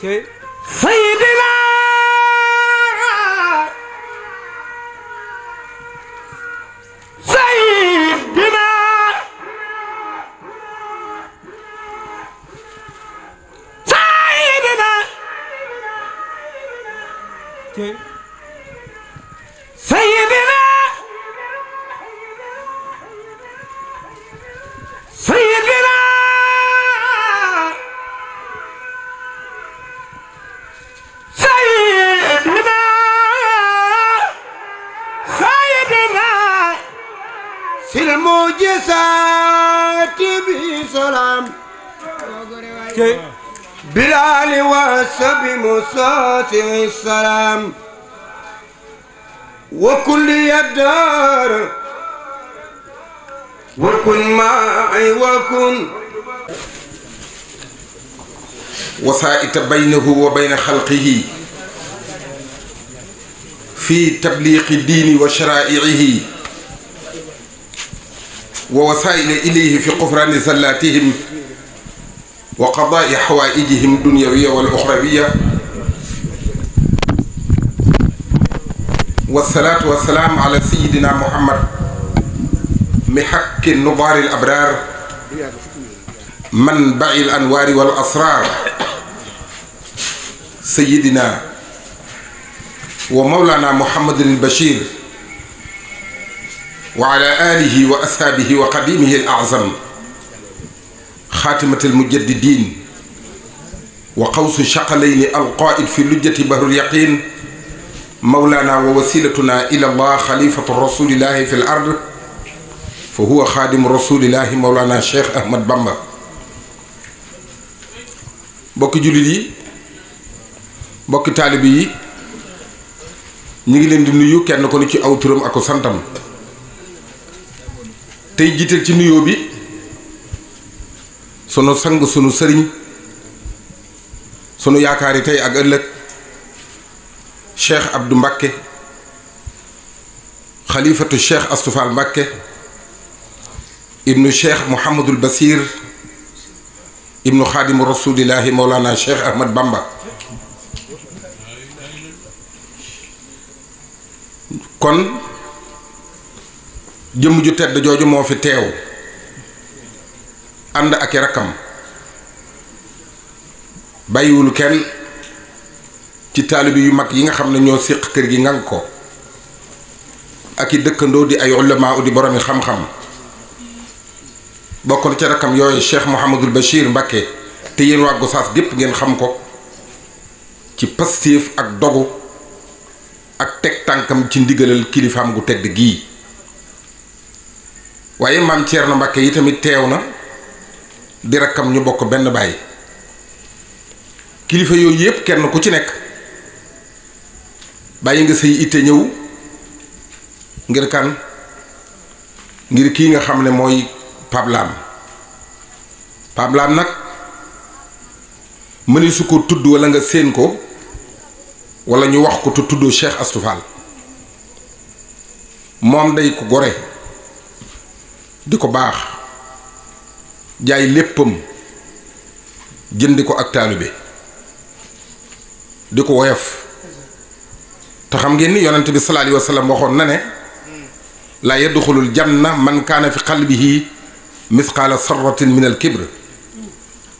[SPEAKER 8] 谁？谁的呢？
[SPEAKER 10] وسائط بينه وبين خلقه في تبليغ الدين وشرائعه ووسائل إليه في قفران زلاتهم وقضاء حوائجهم الدنيوية والأخروية والصلاة والسلام على سيدنا محمد محك النبار الأبرار منبع الأنوار والأسرار سيدنا ومولانا محمد البشير وعلى آله وأصحابه وقديمه الأعظم خاتمة المجددين وقوس شقلين القائد في لجة بهر اليقين مولانا ووسيلتنا إلى الله خليفة الرسول الله في الأرض فهو خادم رسول الله مولانا الشيخ أحمد بامبا بوك جوليدي mbokki taalibe yi ñu ngi leen di nuyu kenn ko ne ci aw turam ak santam tey jiital ci nuyoo bi sunu sang sunu sëriñ sunu yaakaar yi tey ak ëllëg cheikh Abdou Mbakke xalifatu cheikh Astoufal Mbakke ibnu cheikh Mouhamadul Basir ibnu xaadimu rasulillahi Mawlana cheikh Ahmad Bamba. kon jëmm ju tedd jooju moo fi teew ànd ak i rakkam bàyyiwul kenn ci taalibi yu mag yi nga xam ne ñoo séq kër gi ngang ko ak i dëkkandoo di ay ulama u di boromi xam-xam bokkoon ci rakkam yooyu Cheikh Mouhamadul Bachir Mbacké te yéen waa Gosaas gépp ngeen xam ko ci pastéef ak dogu ak teg tànkam ci ndigalal kilifaam gu tedd gii waaye maam na Mbacke yi tamit teew na di rakkam ñu bokk benn baay kilifa yooyu yépp kenn ku ci nekk bàyyi nga say itte ñëw ngir kan ngir kii nga xam ne mooy pablaam pablaam nag mëni ko tudd walla nga séen ko wala ñu wax ko te tuddoo Cheikh Astou Fall moom day ko gore di ko baax jaay léppam jëndi ko ak taalibe di ko woyof te xam ngeen ni yonent bi sallallahu alayhi wa sallam waxoon na ne laa yadxulul janna man kaana fi qalbihi misqaala sarratin min al kibr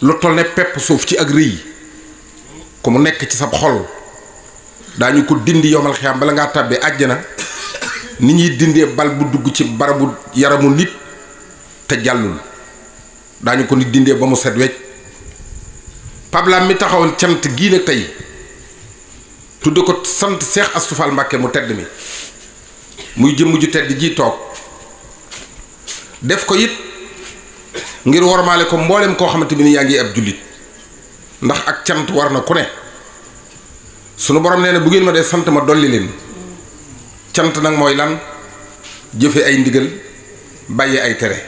[SPEAKER 10] lu toll ne pepp suuf ci ak rëy ku mu nekk ci sab xol daañu ko dindi yomal xiyam bala ngaa tàbbee àjjana ni ñuy dindee bal bu dugg ci barabu yaramu nit te jàllul daañu ko ni dindee ba mu set wecc pablam mi taxawoon cant gii nag tey tudd ko sant Seex Astu Mbàkke mu tedd mi muy jëmm ju tedd ji toog def ko it ngir wormaale ko mboolem koo xamante bi ni yaa ngi ab jullit ndax ak cant war na ku ne sunu borom nee na bu ngeen ma dee sant ma dolli leen cant nag mooy lan jëfe ay ndigal bàyyi ay tere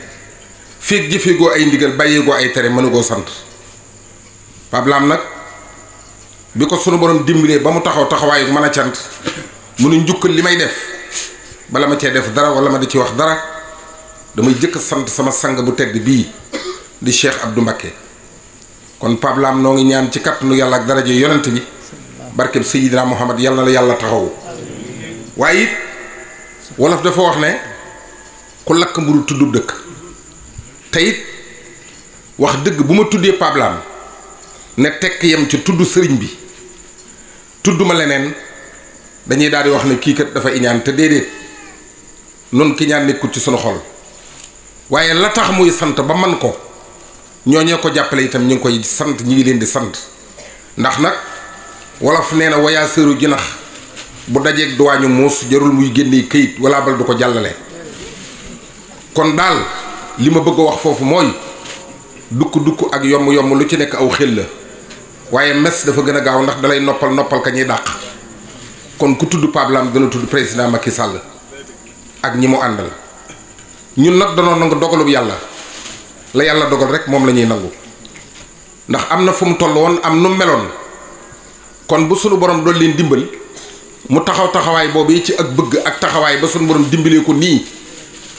[SPEAKER 10] feeg jëfe goo ay ndigal bàyyi goo ay tere mënugoo sant pablaam nag bi ko sunu borom dimbalee ba mu taxaw taxawaayu mën a cant mënu njukkal li may def bala ma cee def dara wala ma di ci wax dara damay jëkk sant sama sang bu tedd bii di Cheikh Abdou mbakke kon pablaam noo ngi ñaan ci kattanu yàlla ak daraje yonent bi barkeb Seydina Muhammad yal na la yàlla taxaw waaye it wolof dafa wax ne ku lakk mburu tuddub dëkk te wax dëgg bu ma tuddee pablaam ne tekk yem ci tudd sëriñ bi tudd ma leneen dañuy daal di wax ne kii kat dafa iñaan te déedéet noonu ki ñaan nekkul ci sunu xol waaye la tax muy sant ba man ko ñoo ñooñee ko jàppale itam ñu ngi koy sant ñu ngi leen di sant ndax nag wolof nee na voyageur jinax bu dajeeg duwaañu muus jarul muy génnee këyit wala bal du ko jàllale kon daal li ma bëgg a wax foofu mooy dukk dukk ak yomb yomb lu ci nekk aw xel la waaye mes dafa gën a gaaw ndax dalay noppal noppal ka ñuy dàq kon ku tudd Pape Lam dana tudd président Macky sàll ak ñi mu àndal ñun nag danoo nangu dogalub yàlla la yàlla dogal rek moom la ñuy nangu ndax am na fu mu toll woon am nu meloon kon bu sunu borom doon leen dimbal mu taxaw taxawaay boobee ci ak bëgg ak taxawaay ba sunu borom dimbalee ko nii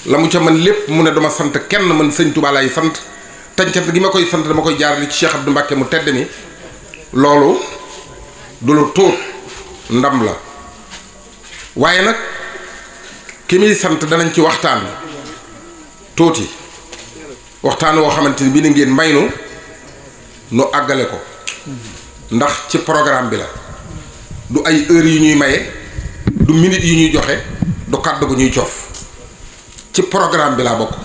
[SPEAKER 10] la mu ca man lépp mu ne dama sant kenn man sëñ Tuubaa laay sant tàncant gi ma koy sant dama koy jaarale ci Cheikh du Mbacké mu tedd mi loolu du la tuut ndam la waaye nag ki muy sant danañ ci waxtaan tuuti waxtaan woo xamante ni bii na ngeen mbay nu nu àggale ko ndax ci programme bi la du ay heures yu ñuy maye du minutes yu ñuy joxe du kàddu gu ñuy coof ci programme bi laa bokk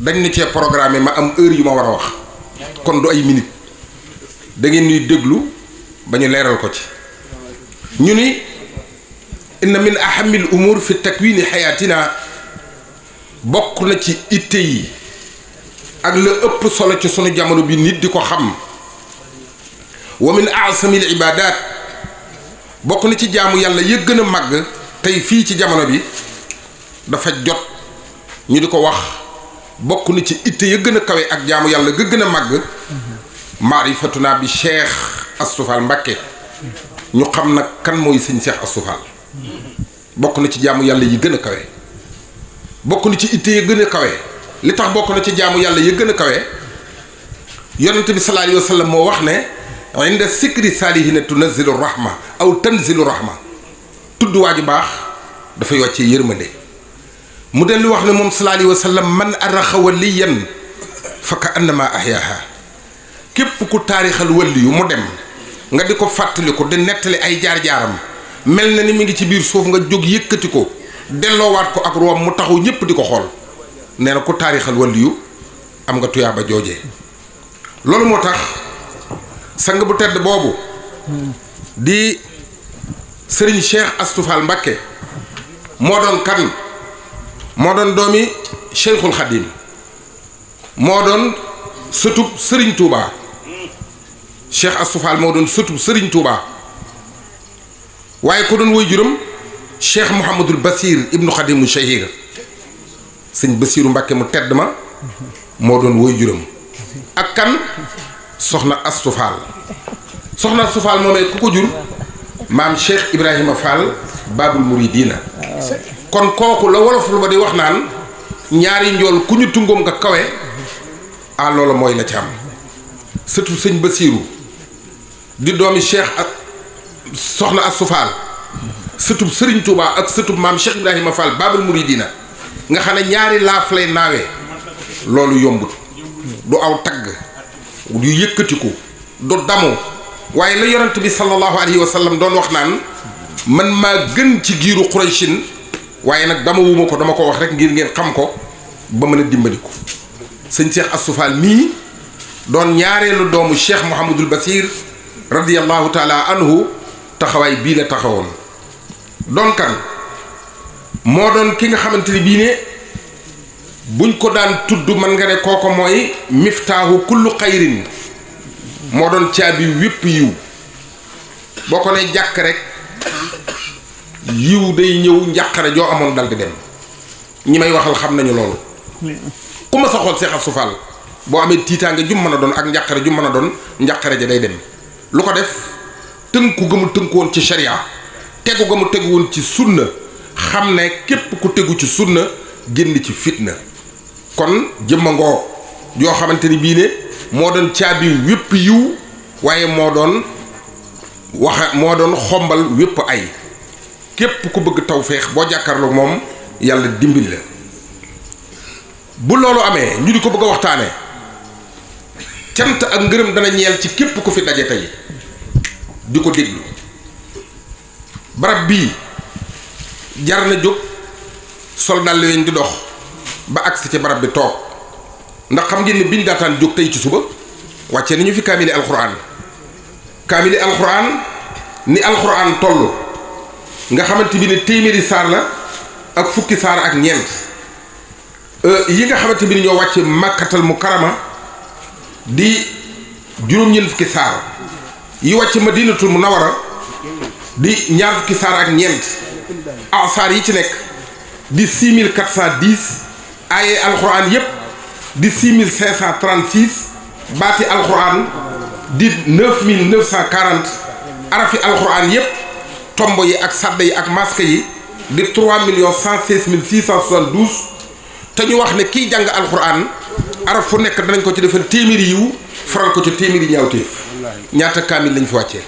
[SPEAKER 10] dañ ne cee programme ma am heure yu ma war a wax kon du ay minutes da ngeen ñuy déglu ba ñu leeral ko ci ñu ni inna min ahamil umur fi takwini xayaatina bokk na ci itte yi ak la ëpp solo ci sunu jamono bi nit di ko xam wa min aasamil ibaadaat bokk na ci jaamu yàlla ya gën a màgg tey fii ci jamono bi dafa jot ñu di ko wax bokk na ci itte ya gën a kawe ak jaamu yàlla ga gën a màgg maarifatuna bi cheikh astufaal Mbàkke ñu xam na kan mooy sëñ cheikh astufaal bokk na ci jaamu yàlla yi gën a kawe bokk na ci itte ya gën a kawe li tax bokk na ci jaamu yàlla ya gën a kawe yonent bi sallallahu alayhi moo wax ne inda sikri saalihina tunazilu rahma aw tanzilu rahma tudd waa ju baax dafay wàccee yërmande mu dellu wax ne moom sallallahu alayhi wa sallam man araxa waliyan fa ka annama ahyaaha képp ku taarixal wali yu mu dem nga di ko fàttaliku di nettali ay jaar-jaaram mel na ni mu ngi ci biir suuf nga jóg yëkkati ko delloowaat ko ak room mu taxaw ñëpp di ko xool nee na ku taarixal wali yu am nga tuyaaba joojee loolu moo tax. sang bu tedd boobu di sëriñ Cheikh Astou Fall Mbacké moo doon kan moo doon doomi Cheikhul Khadim moo doon sëtub sëriñ Touba Cheikh Astou moo doon sëtub sëriñ Touba waaye ko doon woy juróom Cheikh Mouhamadul Basir ibnu Khadimu Chahir sëñ Basiru Mbacké mu tedd ma moo doon woy juróom ak kan soxna Astu Fall soxna Astu Fall moomee ku ko jur maam Cheikh Ibrahima Fall Babul Mouridina kon kooku la wolof lu ba di wax naan ñaari njool ku ñu tungoom nga kawe ah loolu mooy la ci am surtout sëñ Basiiru di doomi Cheikh ak soxna Astu Fall sëtub Sëriñ Tuuba ak sëtub maam Cheikh Ibrahima Fall Babul Mouridina nga xam ne ñaari laaf lay naawee loolu yombut du aw tagg yu yëkkatiku du damu waaye la yonent bi sallallahu alayhi wa sallam doon wax naan man maa gën ci giiru Qurayshin waaye nag damawuma ko dama ko wax rek ngir ngeen xam ko ba mën a dimbali ko sëñ Cheikh Astou Fall mii doon ñaareelu doomu Cheikh Mouhamadul Basir radiyallahu taala anhu taxawaay bii la taxawoon doon moo doon ki nga xamante ni bii ne. buñ ko daan tudd mën nga ne kooko mooy miftaahu kullu xayrin moo doon caabi wépp yiw boo ko ne jàkk rek yiw day ñëw njàqare joo amoon dal di dem ñi may waxal xam nañu loolu ku ma sa xool Seex boo amee tiitaange ju mën a doon ak njàqare ju mën a doon njàqare ja day dem lu ko def tënku ga mu tënku woon ci sharia tegu ga mu tegu woon ci sunna xam ne képp ku tegu ci sunna génn ci fitna kon jëmma ngoo yoo xamante ni ne mo doon ciabi wépp yu waye mo doon wax mo doon xombal wépp ay kep ku bëgg tawféex bo jakarlo mom yalla dimbil la bu lolu amé ñu di ko bëgg waxtané waxtaane ak ngeerum dana ñeel ci kep ku fi dajé tay diko ko barab bi jarna juk sol di dox ba agsi ci barab bi toog ndax xam ngeen ne biñ daataan jóg tey ci suba wàccee nañu fi kaamili alxuraan kaamili alxuraan ni alxuraan toll nga xamante bi ni téeméeri saar la ak fukki saar ak ñeent euh, yi nga xamante bi ne ñoo wàcce màkkatal mu karama di juróom-ñeent fukki saar yi wàcce madinatul munawara di ñaar fukki saar ak ñeent asaar yi ci nekk di six mille quatre cent dix aaye alxuraan yépp di six mille cinq cent trente six baati alxuraan di neuf mille neuf cent quarante arafi alxuraan yépp tomb yi ak sàdd yi ak masque yi di trois millions cent seize mille six cent soixante douze te ñu wax ne kiy jàng alxuraan araf fu nekk danañ ko ci defal téeméeri yiw faral ko ci téeméeri ñaawteef ñaata kaamil lañ fi wàccee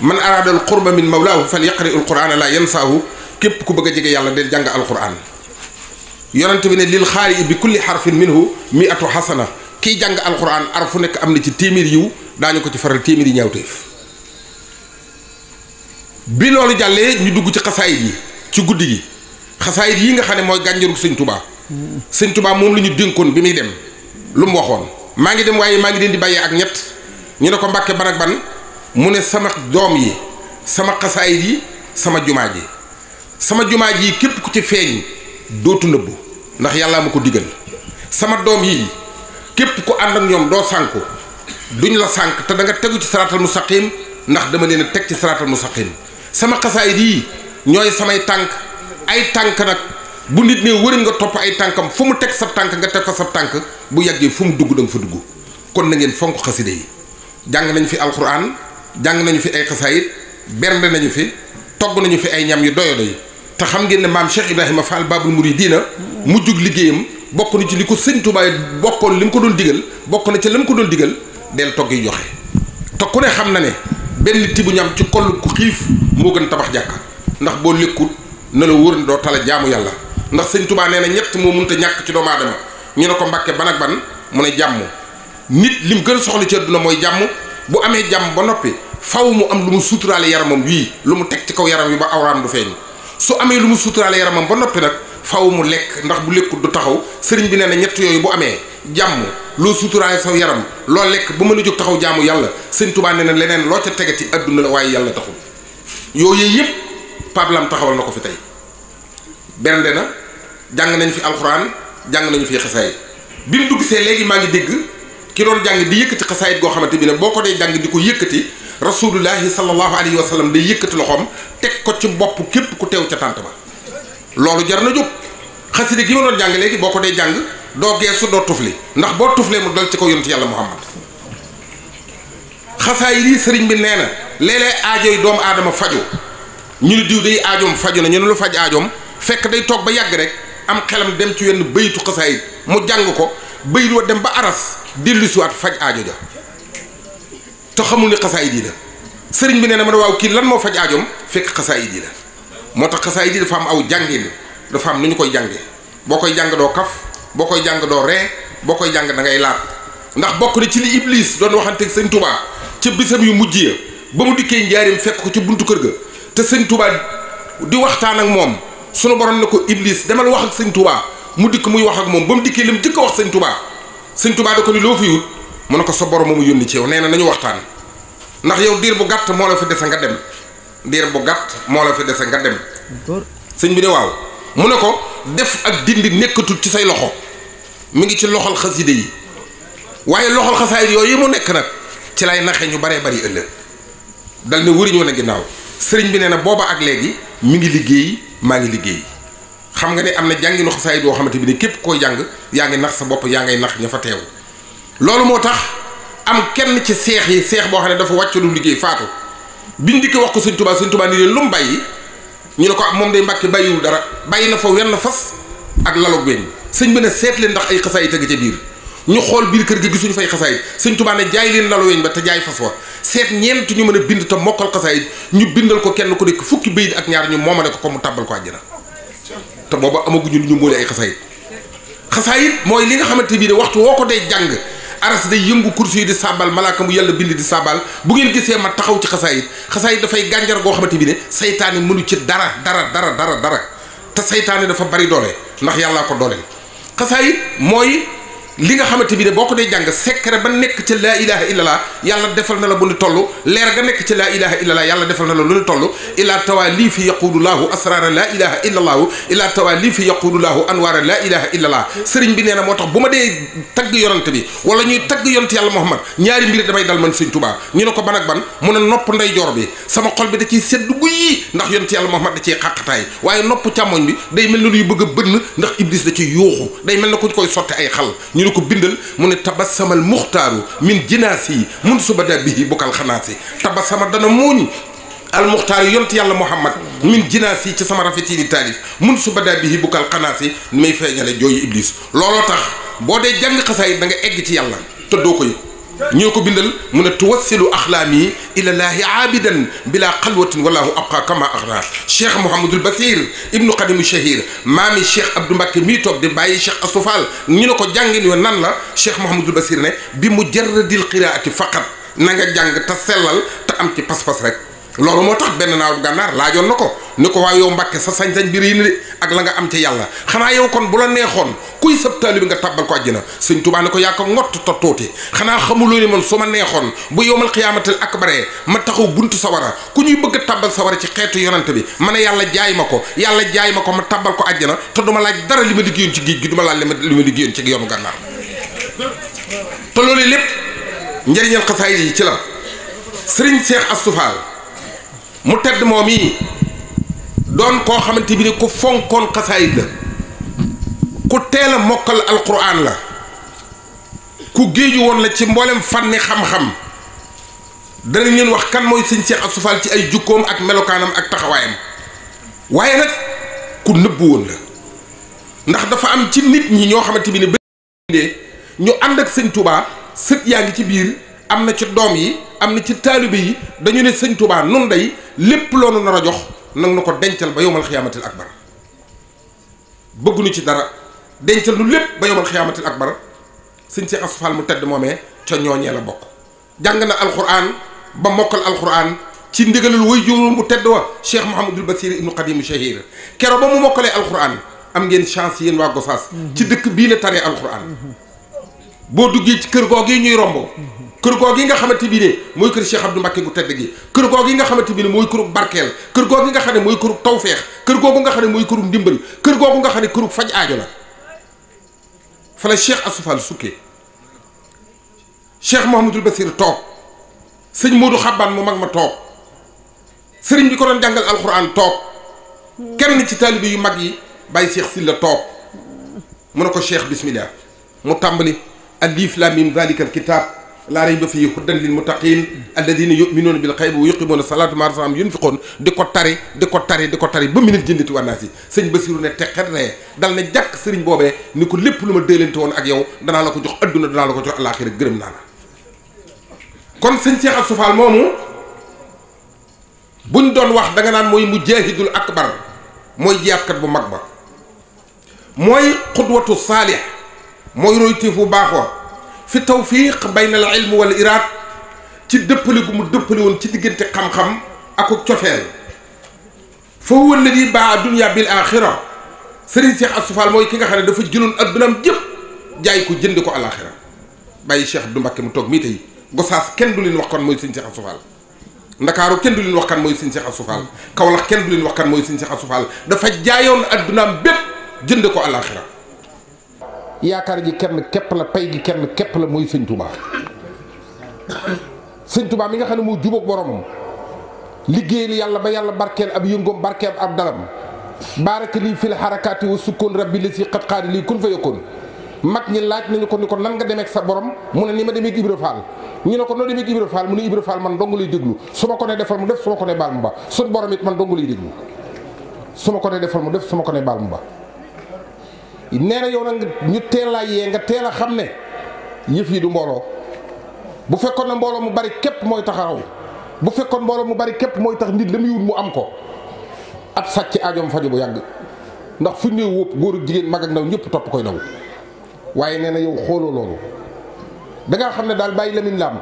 [SPEAKER 10] man araada al qurba min mawlaahu fal yaqri al quraan la yansaahu képp ku bëgg a jege yàlla del jàng alquran yonent bi ne lil xaari bi kulli xarfin minhu miatu xasana kiy jàng alquran arfu nekk am na ci téeméer yiw daañu ko ci faral téeméer yi ñaawteef bi loolu jàllee ñu dugg ci xasaayit yi ci guddi gi xasaayit yi nga xam ne mooy gànjarug sëñ tubaa sëñ tubaa moom lu ñu dénkoon bi muy dem lu mu waxoon maa ngi dem waaye maa ngi leen di bàyyee ak ñett ñu ne ko mbàkke ban ak mu ne sama doom yi sama xasaayit yi sama jumaa ji sama jumaa ji képp ku ci feeñ dootu nëbbu ndax yàlla yàllaa ma ko digal sama doom yi képp ku ànd ak ñoom doo sànku duñ la sànk te da nga tegu ci saraatal mustaqim ndax dama leen a teg ci saraatal mustaqim sama xasaayit yi ñooy samay tànk ay tànk nag bu nit ne wëri nga topp ay tànkam fu mu teg sa tànk nga teg fa sab tànk bu yàggee fu mu dugg da nga fa dugg kon na ngeen fonk xaside yi jàng nañ fi alquran jàng nañu fi ay xasaayit bernde nañu fi togg nañu fi ay ñam yu doyo doy te xam ngeen ne maam Cheikh Ibrahima Fall Babul Mouridina mujjug liggéeyam bokk na ci li ko sëñ Tuubaa bokkoon li mu ko doon digal bokk na ci la mu ko doon digal del togg yi joxe te ku ne xam na ne benn tibu ñam ci koll ku xiif moo gën tabax jàkka ndax boo lekkut na la wóor ne doo tala jaamu yàlla ndax sëñ Tuubaa nee na ñett moo mënta ñàkk ci doomu aadama ñu ne ko mbàkke ban ban mu jàmm nit lim gën soxla ci àdduna mooy jàmm bu amee jàmm ba noppi faw mu am lu mu suturaale yaramam wii lu mu teg ci kaw yaram wi ba awraam du feeñ su amee lu mu suturaale yaramam ba noppi nag faw mu lekk ndax bu lekkul du taxaw sëriñ bi nee na ñett yooyu bu amee jàmm loo suturaale saw yaram loo lekk ba mën a jóg taxaw jaamu yàlla sëñ Tuubaa nee na leneen loo ca tegati àdduna la waaye yàlla taxul yooyu yëpp pablam taxawal na ko fi tey bernde na jàng nañ fi alxuraan jàng nañu fi xasaay bi mu dugg see léegi maa ngi dégg ki doon jàng di yëkkati xasaayit goo xamante bi ne boo ko dee jàng di ko yëkkati rasulullahi sallallahu alayhi wa sallam day yëkkati loxoom teg ko ci bopp képp ku teew ca tànt ba loolu jar na jóg xasida gi ma jàng léegi boo ko dee jàng doo geesu doo tufli ndax boo tuflee mu dal ci ko yonent yàlla muhammad xasaay lii sëriñ bi nee na léeg-léeg aajo yi doomu aadama faju ñu ne diw day aajoom faju na ñu ne lu faj aajoom fekk day toog ba yàgg rek am xelam dem ci wenn bëyitu xasaayit mu jàng ko bëyit wa dem ba aras dellu siwaat faj aajo ja te xamul ni xasaayid yi la sëriñ bi nee na ma ne waaw kii lan moo faj aajoom fekk xasaayid yi la moo tax xasaayid yi dafa am aw jàngin dafa am nu ñu koy jàngee boo koy jàng doo kaf boo koy jàng doo ree boo koy jàng da ngay laab ndax bokk na ci li Iblis doon waxante ak sëñ Touba ca bisam yu mujj ya ba mu dikkee njaarim fekk ko ci buntu kër ga te sëñ Touba di waxtaan ak moom sunu borom na ko Iblis demal wax ak sëñ Touba mu dikk muy wax ak moom ba dikkee lim jëkk a wax sëñ sëñ Tuubaa ko ni loo fi wut mu ne ko sa borom mu yónni ci yow nee na nañu waxtaan ndax yow diir bu gàtt moo la fi dese nga dem diir bu gàtt moo la fi dese nga dem sëñ bi ne waaw mu ne ko def ak dindi nekkatul ci say loxo mu ngi ci loxol xaside yi waaye loxol xasaay yooyu mu nekk na ci lay naxe ñu baree bari ëllëg dal ne wëriñoo na ginnaaw sëriñ bi nee na booba ak léegi mi ngi liggéey maa ngi liggéey xam nga ne am na jànginu xasaayid boo xamante bi ni képp koo jàng yaa ngi nax sa bopp yaa ngay nax ña fa teew loolu moo tax am kenn ci seex yi seex boo xam ne dafa wàcc lu liggéey faatu biñ dikkee wax ko Sëñ Tuubaa Sëñ Tuubaa ni leen lu mu bàyyi ñu ne ko ah, moom day mbàkke bàyyiwul dara bàyyi na fa wenn fas ak laloog weñ sëñ bi ne seet leen ndax ay xasaayid tëgg ca biir ñu xool biir kër gi gisuñu fay xasaayid Sëñ Tuubaa ne jaay leen lalo weñ ba te jaay fas wa seet ñu mën a bind te mokkal xasaayid ñu bindal ko kenn ku nekk fukki ak ñaar ñu moomale ko ko mu tàbbal ko àjjana te booba amaguñu lu ñu mboolee ay xasaayit xasaayit mooy li nga xamante bii de waxtu woo ko dee jàng aras day yëngu kursu yi di saabal malaaka mu yàlla bind di saabal bu ngeen gisee ma taxaw ci xasaayit xasaayit dafay gànjar goo xamante bi ne saytaane mënu ci dara dara dara dara dara te seytaane dafa bari doole ndax yàllaa ko dooleel xasaayit mooy li nga xamante bi de boo ko dee jàng secret ba nekk ca laa ilaha illallah yàlla defal na la bu nu toll leer ga nekk ca laa ilaha illallah yàlla defal na la lu nu toll ilaa tawalifi yaqululaahu asrara laa ilaha illallahu ilaa tawalifi yaqululaahu anwaara laa ilaha illallah sëriñ bi nee na moo tax bu ma dee tagg yonant bi wala ñuy tagg yonant yàlla muhammad ñaari mbir damay dal man sëñ tubaa ñu ne ko ban ak ban mu ne nopp ndeyjoor bi sama xol bi da ciy sedd guyi ndax yonant yàlla muhammad da ciy xàqataay waaye nopp càmmoñ bi day mel ne luy bëgg a bënn ndax iblis da ciy yuuxu day mel ne kuñ koy sotti ay xal ñu ko bindal mu ne tabassamal muxtaaru min jinaasi yi mun suba da bihi bukkal tabax sama dana muuñ almuxtaar yi yont yàlla muhammad min jinaas yi ci sama rafet yi ni taalif mun suba daa bihi bukkal xanaas yi may feeñale jooyu iblis looloo tax boo dee jàng xasaayit da nga egg ci yàlla te ko yëg نيوكو بندل من توصل أحلامي إلى الله عابدا بلا قلوة ولا أبقى كما أغنى شيخ محمد البصير ابن قديم الشهير مامي شيخ عبد المكي ميتوك دي باي شيخ أصفال نيوكو جانجين ونان لا شيخ محمد البصير بمجرد القراءة فقط نجا جانج تسلل تأمتي بس بس رك loolu moo tax benn naaru gànnaar laajoon na ko ni ko waa yow mbàkke sa sañ-sañ bi réy na de ak la nga am ca yàlla xanaa yow kon bu la neexoon kuy sab taalibe nga tàbbal ko àjjana sëñ Tuubaa ne ko yaa ko ngott ta tuuti xanaa xamuloo ni man ma neexoon bu yowmal xiyaamatal akbare ma taxaw buntu sawara ku ñuy bëgg a tàbbal sawara ci xeetu yonante bi ma ne yàlla jaay ma ko yàlla jaay ma ko ma tàbbal ko àjjana te duma laaj dara li ma liggéeyoon ci géej gi duma laaj li ma liggéeyoon ci yoonu gànnaar te loolu lépp njëriñal xasaayid yi ci la sëriñ Seex Astu mu tedd moom yi doon koo xamante bi ni ku fonkoon xasaayit la ku teel a mokkal alquran la ku géeju woon la ci mboolem fànni xam-xam danañ leen wax kan mooy sëñ Cheikh Astou Fall ci ay jukkoom ak melokaanam ak taxawaayam waaye nag ku nëbbu woon la ndax dafa am ci nit ñi ñoo xamante bi ni bëri ñu ànd ak sëñ Touba sët yaa ngi ci biir am na ci doom yi am na ci taalibe yi dañu ne sëñ Touba nun day lépp loonu nar a jox nag nu ko dencal ba yowmal xiyaamatil akbar bëgguñu ci dara dencal nu lépp ba yowmal xiyaamatil akbar sëñ Cheikh Asou Fall mu tedd moomee ca ñooñee la bokk jàng na alxuraan ba mokkal alxuraan ci ndigalul way juróom bu tedd wa Cheikh Mouhamadul Basir ibnu Xadimu Shahir kero ba mu mokkalee alxuraan am ngeen chance yéen waa Gosaas ci dëkk bii la taree alxuraan boo dugge ci kër googu ñuy romb kër googu yi nga xamante bi ne mooy kër Cheikh Abdou Mbacké gu tedd gi kër googu yi nga xamante bi ne mooy kërug barkeel kër googu yi nga xam ne mooy kërug tawfeex kër googu nga xam ne mooy kërug ndimbal kër googu nga xam ne kërug faj aajo la fa la Cheikh Assoufal sukkee Cheikh Mouhamadul Basir toog sëñ Modou Xabbaan mu mag ma toog sëriñ bi ko doon jàngal alxuraan toog kenn ci taalibe yu mag yi bàyyi Cheikh Sylla toog mu ne ko Cheikh bismillah mu tàmbali alif lam mim zalika alkitab لا ريب في يهودن للمتقين الذين يؤمنون بالقيب ويقبلون الصلاة مع رسام ينفقون دكتاري دكتاري دكتاري بمن الجنة والناس سن بسيرون التقرر دلنا جاك سرين بوبي نقول لبلو مدلين تون أجيو دنا لكو جو أدنى دنا لكو جو الآخر غرم نانا كون سن سيا سفال مومو بندون واحد دعنا موي مجاهد الأكبر موي يأكل بمقبر موي قدوة الصالح موي رويتي فو باخو fi tawfiq bayna la ilm wal iraad ci dëppale gu mu dëppale woon ci diggante xam-xam ak ak cofeel fa huwa baa dunya bil axira Serigne Cheikh Astou Fall mooy ki nga xam ne dafa jëloon addunaam jëpp jaay ko jënd ko alaxira bàyyi Cheikh Abdou Mbacké mu toog mii tey Gosaas kenn du leen wax kan mooy Serigne Cheikh Astou Fall Ndakaaru kenn du leen wax kan mooy Serigne Cheikh Astou Fall Kaolack kenn du leen wax kan mooy Serigne Cheikh Astou Fall dafa jaayoon addunaam bépp jënd ko alaxira yaakaar ji kenn képp la pay gi kenn képp la mooy sëñ Touba sëñ Touba mi nga xam ne moo jubóog boromam liggéeyal yàlla ba yàlla barkeel ab yëngoom barkeel ab dalam baaraka lii fil xarakaati wa sukkoon bi li si xat xaari lii kun fa yokkoon mag ñi laaj nañu ko ni ko nan nga demeek sa borom mu ne ni ma demeek Ibra Fall ñu ne ko noo demeek Ibra Fall mu ne Ibra Fall man dong lay déglu su ma ko ne defal mu def su ma ko ne baal mu ba suñ borom it su ma ko ne mu def su ma ko ne baal mu ba nee na yow nag ñu teel a yee nga teel a xam ne yëf yi du mbooloo bu fekkoon na mbooloo mu bari képp mooy taxaw bu fekkoon mbooloo mu bari képp mooy tax nit la muy wut mu am ko ab sàcc ajoom faju bu yàgg ndax fu ñëw wóob góor jigéen mag ak ndaw ñëpp topp koy daw waaye nee na yow xooloo loolu da ngaa xam ne daal bàyyi Lamine Lam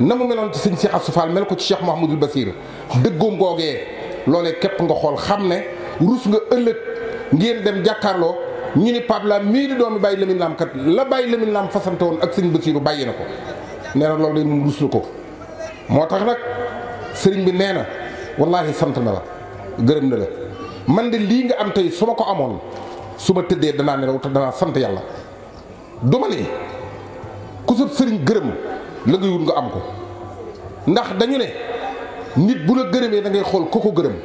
[SPEAKER 10] na mu meloon ci sëñ Cheikh Assou mel ko ci Cheikh Mouhamadul Basir dëggoom googee loolee képp nga xool xam ne rus nga ëllëg ngeen dem jàkkaarloo. ñi ni pap la mi di doomi bàyyi Lamine Lam kat la bàyyi Lamine Lam fasante woon ak serigne Basiiru bàyyi na ko nee na loolu de nun rus ko moo tax nag sëriñ bi nee na wallaahi sant na la gërëm na la man de lii nga am tey su ma ko amoon su ma tëddee danaa nelaw te danaa sant yàlla du ma ne ku sab serigne gërëm la ngay wut nga am ko ndax dañu ne nit bu la gërëmee da ngay xool ko ko gërëm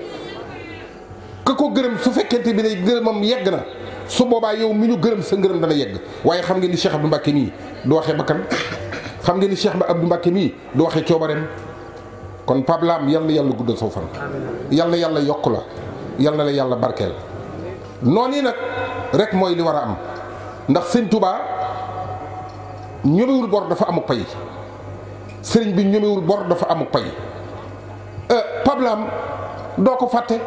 [SPEAKER 10] ku ko gërëm su fekkente bi day gërëmam yegg na su boobaa yow mu ñu gërëm sa ngërëm dana yegg waaye xam ngeen ni Cheikh bu mbàkke mii du waxee bakkan xam ngeen ni Cheikh Abdou mbàkke mii du waxee coobareem kon Pape Lam yal na yàlla guddal saw fan. yal na yàlla yokk la yal na la yàlla barkeel noonu yi nag rek mooy li war a am ndax sëñ Touba ñemewul bor dafa amuk pay sëriñ bi ñemewul bor dafa amuk pay euh, Pape doo ko fàtte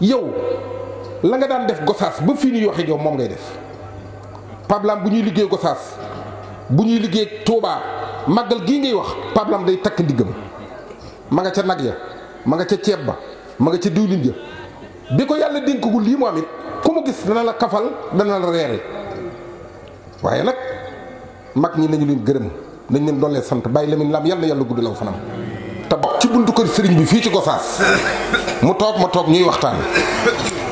[SPEAKER 10] yow. la nga daan def gosaas ba fii ñuy waxee yow moom ngay def pablam bu ñuy liggéey gosaas bu ñuy liggéey Touba màggal gii ngay wax pablam day takk ndiggam ma nga ca nag ya ma nga ca ceeb ba ma nga ca diwlin ja bi ko yàlla dénkagul lii mu am it ku mu gis dana la kafal dana la reere waaye nag mag ñi nañu leen gërëm nañ leen doole sant bàyyi Lamin Lam yal na yàlla gudd law fanam te bokk ci buntu kër sëriñ bi fii ci gosaas mu toog ma toog ñuy waxtaan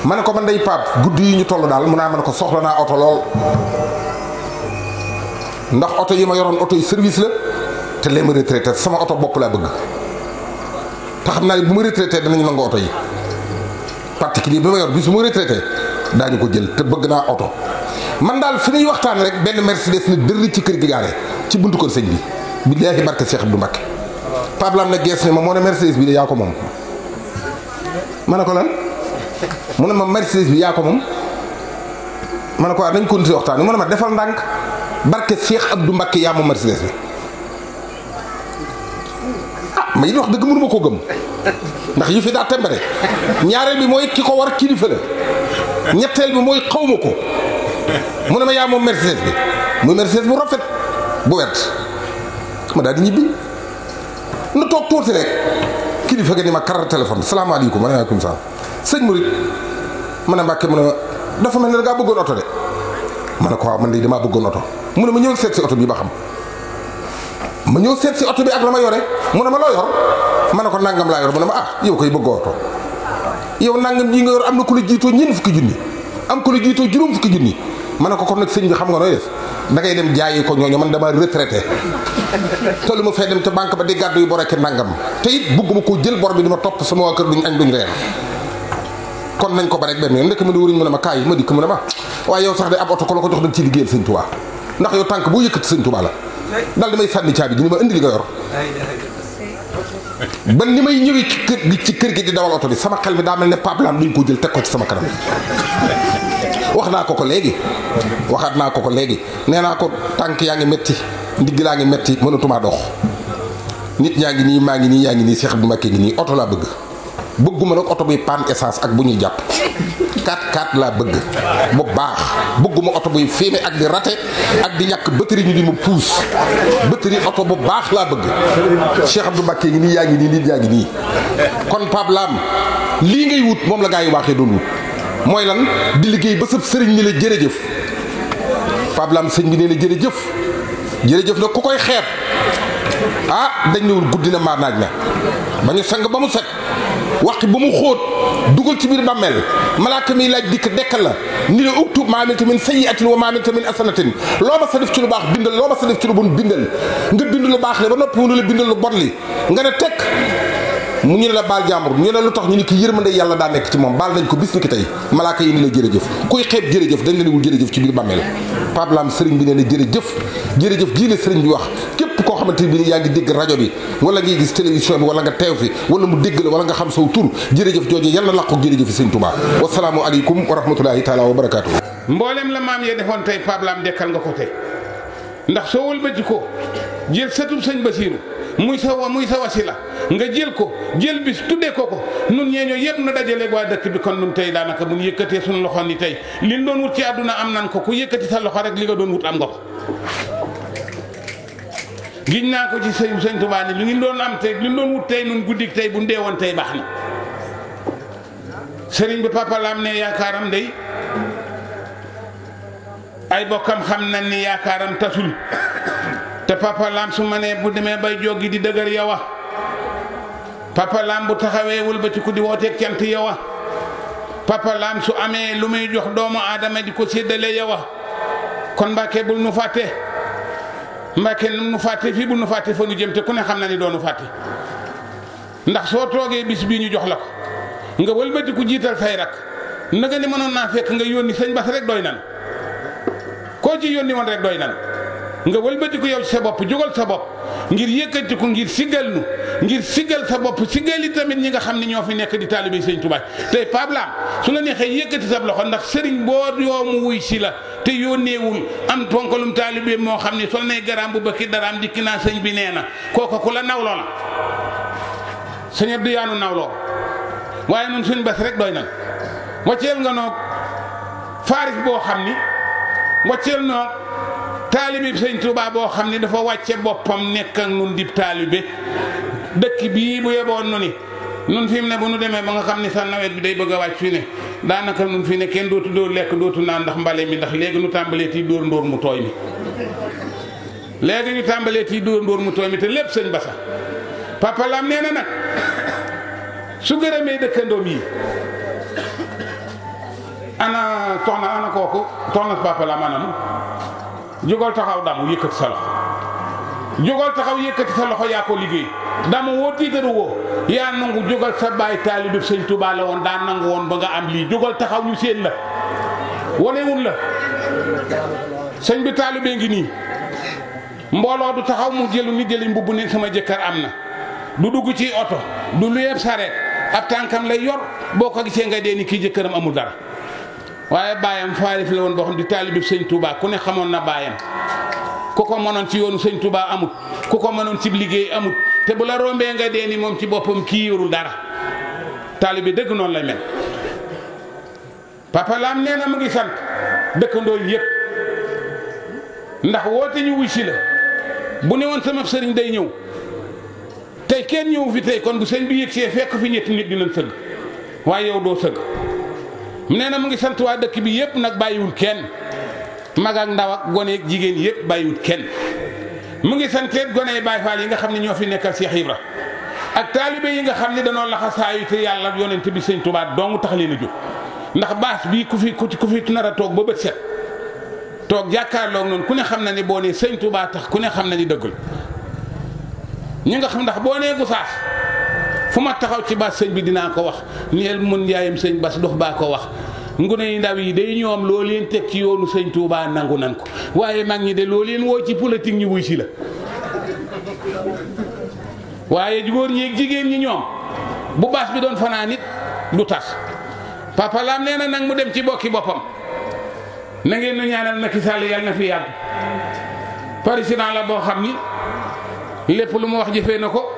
[SPEAKER 10] ma ne ko man day paap guddi yi ñu toll daal mun naa mën ko soxla naa oto lool ndax oto yi ma yoroon oto yu service la te lee ma retraité sama oto bopp laa bëgg te xam naa ne bu ma retraité danañ nangu oto yi particulier bi ma yor bi su ma retraité daañu ko jël te bëgg naa oto man daal fi ñuy waxtaan rek benn Mercedes ni dërri ci kër gi gaare ci buntu kër sëñ bi billaahi barke Cheikh Abdou Mbacké Pape Lam ne gees ne ma moo ne Mercedes bi de yaa ko moom ne ko lan mu ne ma Mercedes bi yaa ko moom ma ne ko ah nañ continuer waxtaan bi mu ne ma defal ndànk barke Cheikh Abdou Mbacke yaa moom Mercedes bi ah ma it wax dëgg mënuma koo gëm ndax yu fi daa tembare ñaareel bi mooy ki ko war kilifa la ñetteel bi mooy xawma ko mu ne ma yaa moom Mercedes bi muy Mercedes bu rafet bu wet ma daal di ñibbi na toog tuuti rek kilifa gi ni ma kar téléphone salaamaaleykum waaleykum salaam sëñ mu murit ma ne Mbàkke mu ne ma dafa mel ne da ngaa bëggoon oto de ma ne ko waaw man de damaa bëggoon oto mu ne ma ñëw seet si oto bi ba xam ma ñëw seet si oto bi ak la ma yore mu ne ma loo yor ma ne ko nangam laa yor mu ne ma ah yow koy bëggoo oto yow nangam ñi nga yor am na ku jiitoo ñeent fukki junni am ku la jiitoo juróom fukki junni ma ne ko kon nag sëñ bi xam nga nooy def ngay dem jaayi ko ñooñu man dama retraité [laughs] te lu ma fay dem te banque ba di gàddu yu bor ak nangam te it bugguma koo jël bi di ma topp sama kër duñ añ duñ reer kon nañ ko ba rek benn yoon ndekk mu ne wëriñ mu ne ma kaay ma dikk mu ne ma waaye yow sax de ab oto ko la ko jox dañ ci liggéeyal sëñ ndax yow tànk boo yëkkati sëñ Tuubaa la daal di may sànni caabi ji ni ma indi li nga yor ba ni may ñëwee ci kër gi kër gi di dawal oto bi sama xel mi daa mel ne pablam luñ ko jël teg ko ci sama kanam wax naa ko ko léegi waxaat naa ko ko léegi nee naa ko tànk yaa ngi metti ndigg laa ngi metti mënatumaa dox nit ñaa ngi nii maa ngi nii yaa ngi nii seex bu makkee ngi nii oto laa bëgg bëgguma nak auto bi pan essence ak buñu japp kat kat la bëgg bu baax bëgguma auto bi fiime ak di raté ak di ñak bëtëri ñu di mu pousse bëtëri auto bu baax la bëgg Cheikh Abdou bakki ngi nii yaa nit yaa kon Pape Lam lii ngay wut mom la gaay yi waaxee doon wut moy lan di liggéey ba sepp sëriñ ni la jërëjëf Pape Lam bi nee jërëjëf jërëjëf nag ku koy xeeb ah dañ ñewul guddina na maar naaj na sang ba mu set waqi bu mu xóot dugal ci bir bammel malaka mi laaj dik dekk la ni la uktub ma min min sayyi'atin wa ma min min asanatin lo ma sa def ci lu bax bindal lo ma sa def ci lu bon bindal nga bind lu bax le ba nopp lu la bindal lu bon li nga ne tek mu ñu la bal jàmbur ñu la lu tax ñu ni ki yërmande yàlla da nek ci mom bal nañ ko bis ni ki tay malaka yi ni la jërëjëf kuy xeeb jërëjëf dañ la ni niwul jërëjëf ci bir bammel pablam serigne sëriñ bi nee na jërëjëf jërëjëf gii la sëriñ bi wax képp xamante bi yaa ngi dégg rajo bi wala ngay gis télévision wala nga teew fi wala mu dégg la wala nga xam saw tur jërëjëf jooju yàlla làqu jërëjëf sëñ Tuubaa wasalaamu aleykum wa rahmatulahi taala wa barakaatu mboolem la maam yee defoon tey
[SPEAKER 11] pablam dekkal nga ko tey ndax soo wëlbati ko jël satub sëñ Basiiru muy sa wa muy sa wasila nga jël ko jël bis tuddee ko ko nun ñeeñoo yëpp na dajaleeg waa dëkk bi kon nun tey daanaka bu ñu yëkkatee suñu loxoon ni tey liñ doon wut ci àdduna am nan ko ku yëkkati sa loxo rek li nga doon wut am nga ko giñ naa ko ci sëñ sëñ Tuubaa ni lu ngi doon am tey lu doon wut tey nun guddik tey bu ndeewoon tey baax na sëriñ bi papa laam ne yaakaaram day ay bokkam xam nañ ni yaakaaram tasul te papa su ma nee bu demee bay joggi di dëgër yow a papa bu taxawee wëlbatiku di wooteeg cant yow a papa su amee lu muy jox doomu aadama di ko séddale yow a kon mbàkke bul nu fàtte Mbàkke nu fàtte fii bu nu fàtte fa nu jëm te ku ne xam na ni doonu fàtte ndax soo toogee bis bii ñu jox la ko nga wëlbati ku jiital fay rak na nga mënoon naa fekk nga yónni sëñ Bass rek doy nan koo ci yónni woon rek doy nan nga wëlbatiku yow ci sa bopp jógal sa bopp ngir yëkkatiku ngir siggal nu ngir siggal sa bopp si yi tamit ñi nga xam ne ñoo fi nekk di taalibe sëñ Tuubaa tey Pape Lam su la neexee yëkkati sa loxo ndax sëriñ boo yoomu wuy si la te yónneewul am tonkalum taalibe moo xam ne sol nay garaam bu bëkki daraam dikki naa sëñ bi nee na kooku ku la nawloo la sëñ Abdou yaanu nawloo waaye nun suñ bés rek doy na wacceel nga noog faaris boo xam ni wacceel taalibe bi sëñ Touba boo xam ne dafa wàcce boppam nekk ak nun dib taalibe dëkk bii bu yeboon nu ni nun fi mu ne bu nu demee ba nga xam ni sa nawet bi day bëgg a wàcc fi ne daanaka nun fi ne kenn dootu doo lekk dootu naan ndax mbale mi ndax léegi nu tàmbalee tii dóor ndóor mu tooy mi tii dóor ndóor mu te lépp seen Basa papa Lam nee na nag su gërëmee dëkkandoom yi ana soxna ana kooku soxna papa Lam anam jógal taxaw damu yëkkati sa loxo jógal taxaw yëkkati sa loxo yaa ko liggéey damu woo tiitaru woo yaa nangu jógal sa baay taalibib sëñ Tuubaa la woon daa nangu woon ba nga am lii jógal taxaw ñu seen la wanewun la sëñ bi taalibee ngi nii mbooloo du taxaw mu jëlu ni jëli mbubb ne sama jëkkër am na du dugg ci oto du luyeeb sareet ab tànkam la yor boo ko gisee nga dee ni kii jëkkëram amul dara waaye baayam faalif la woon boo xam di taalibib sëñ Touba ku ne xamoon na baayam ku ko mënoon ci yoonu sëñ Touba amut ku ko mënoon si liggéey amut te bu la rombee nga dee ni moom ci boppam kii yorul dara taalibi dëgg noonu la men Papa Lam nee na mu ngi sant dëkkandoo yëpp ndax woote ñu wuy si la bu ne woon sama sëriñ day ñëw tey kenn ñëw fi tey kon bu sëñ bi yëg see fekk fi ñetti nit dinañ sëgg waaye yow doo sëgg. nee na mu ngi sant waa dëkk bi yëpp nag bàyyiwul kenn mag ak ndaw ak gone ak jigéen yëpp bàyyiwul kenn mu ngi sant it gone yi Baay Faal yi nga xam ne ñoo fi nekkal Cheikh Ibra ak taalibe yi nga xam ne danoo laxasaayu te yàlla yonent bi sëñ Tuubaa dong tax leen a jóg ndax baas bii ku fi ku fi nar a toog ba bët set toog jàkkaarloog noonu ku ne xam na ne boo ne sëñ Tuubaa tax ku ne xam na ni dëggul ñu nga xam ndax boo nee Gusaas. fu ma taxaw ci baas sëñ bi dinaa ko wax ñeel mun njaayam sëñ bas dox baa ko wax ngune yi ndaw yi day ñoom loo leen teg ci yoonu sëñ Touba nangu nan ko waaye mag ñi de loo leen woo ci politique ñu wuy si la waaye góor ñi jigéen ñi ñoom bu baas bi doon fanaan it du tas papa laam nee na nag mu dem ci bokki boppam na ngeen nu ñaanal Macky Sall yàlla na fi yàgg président la boo xam ni lépp lu mu wax jëfee na ko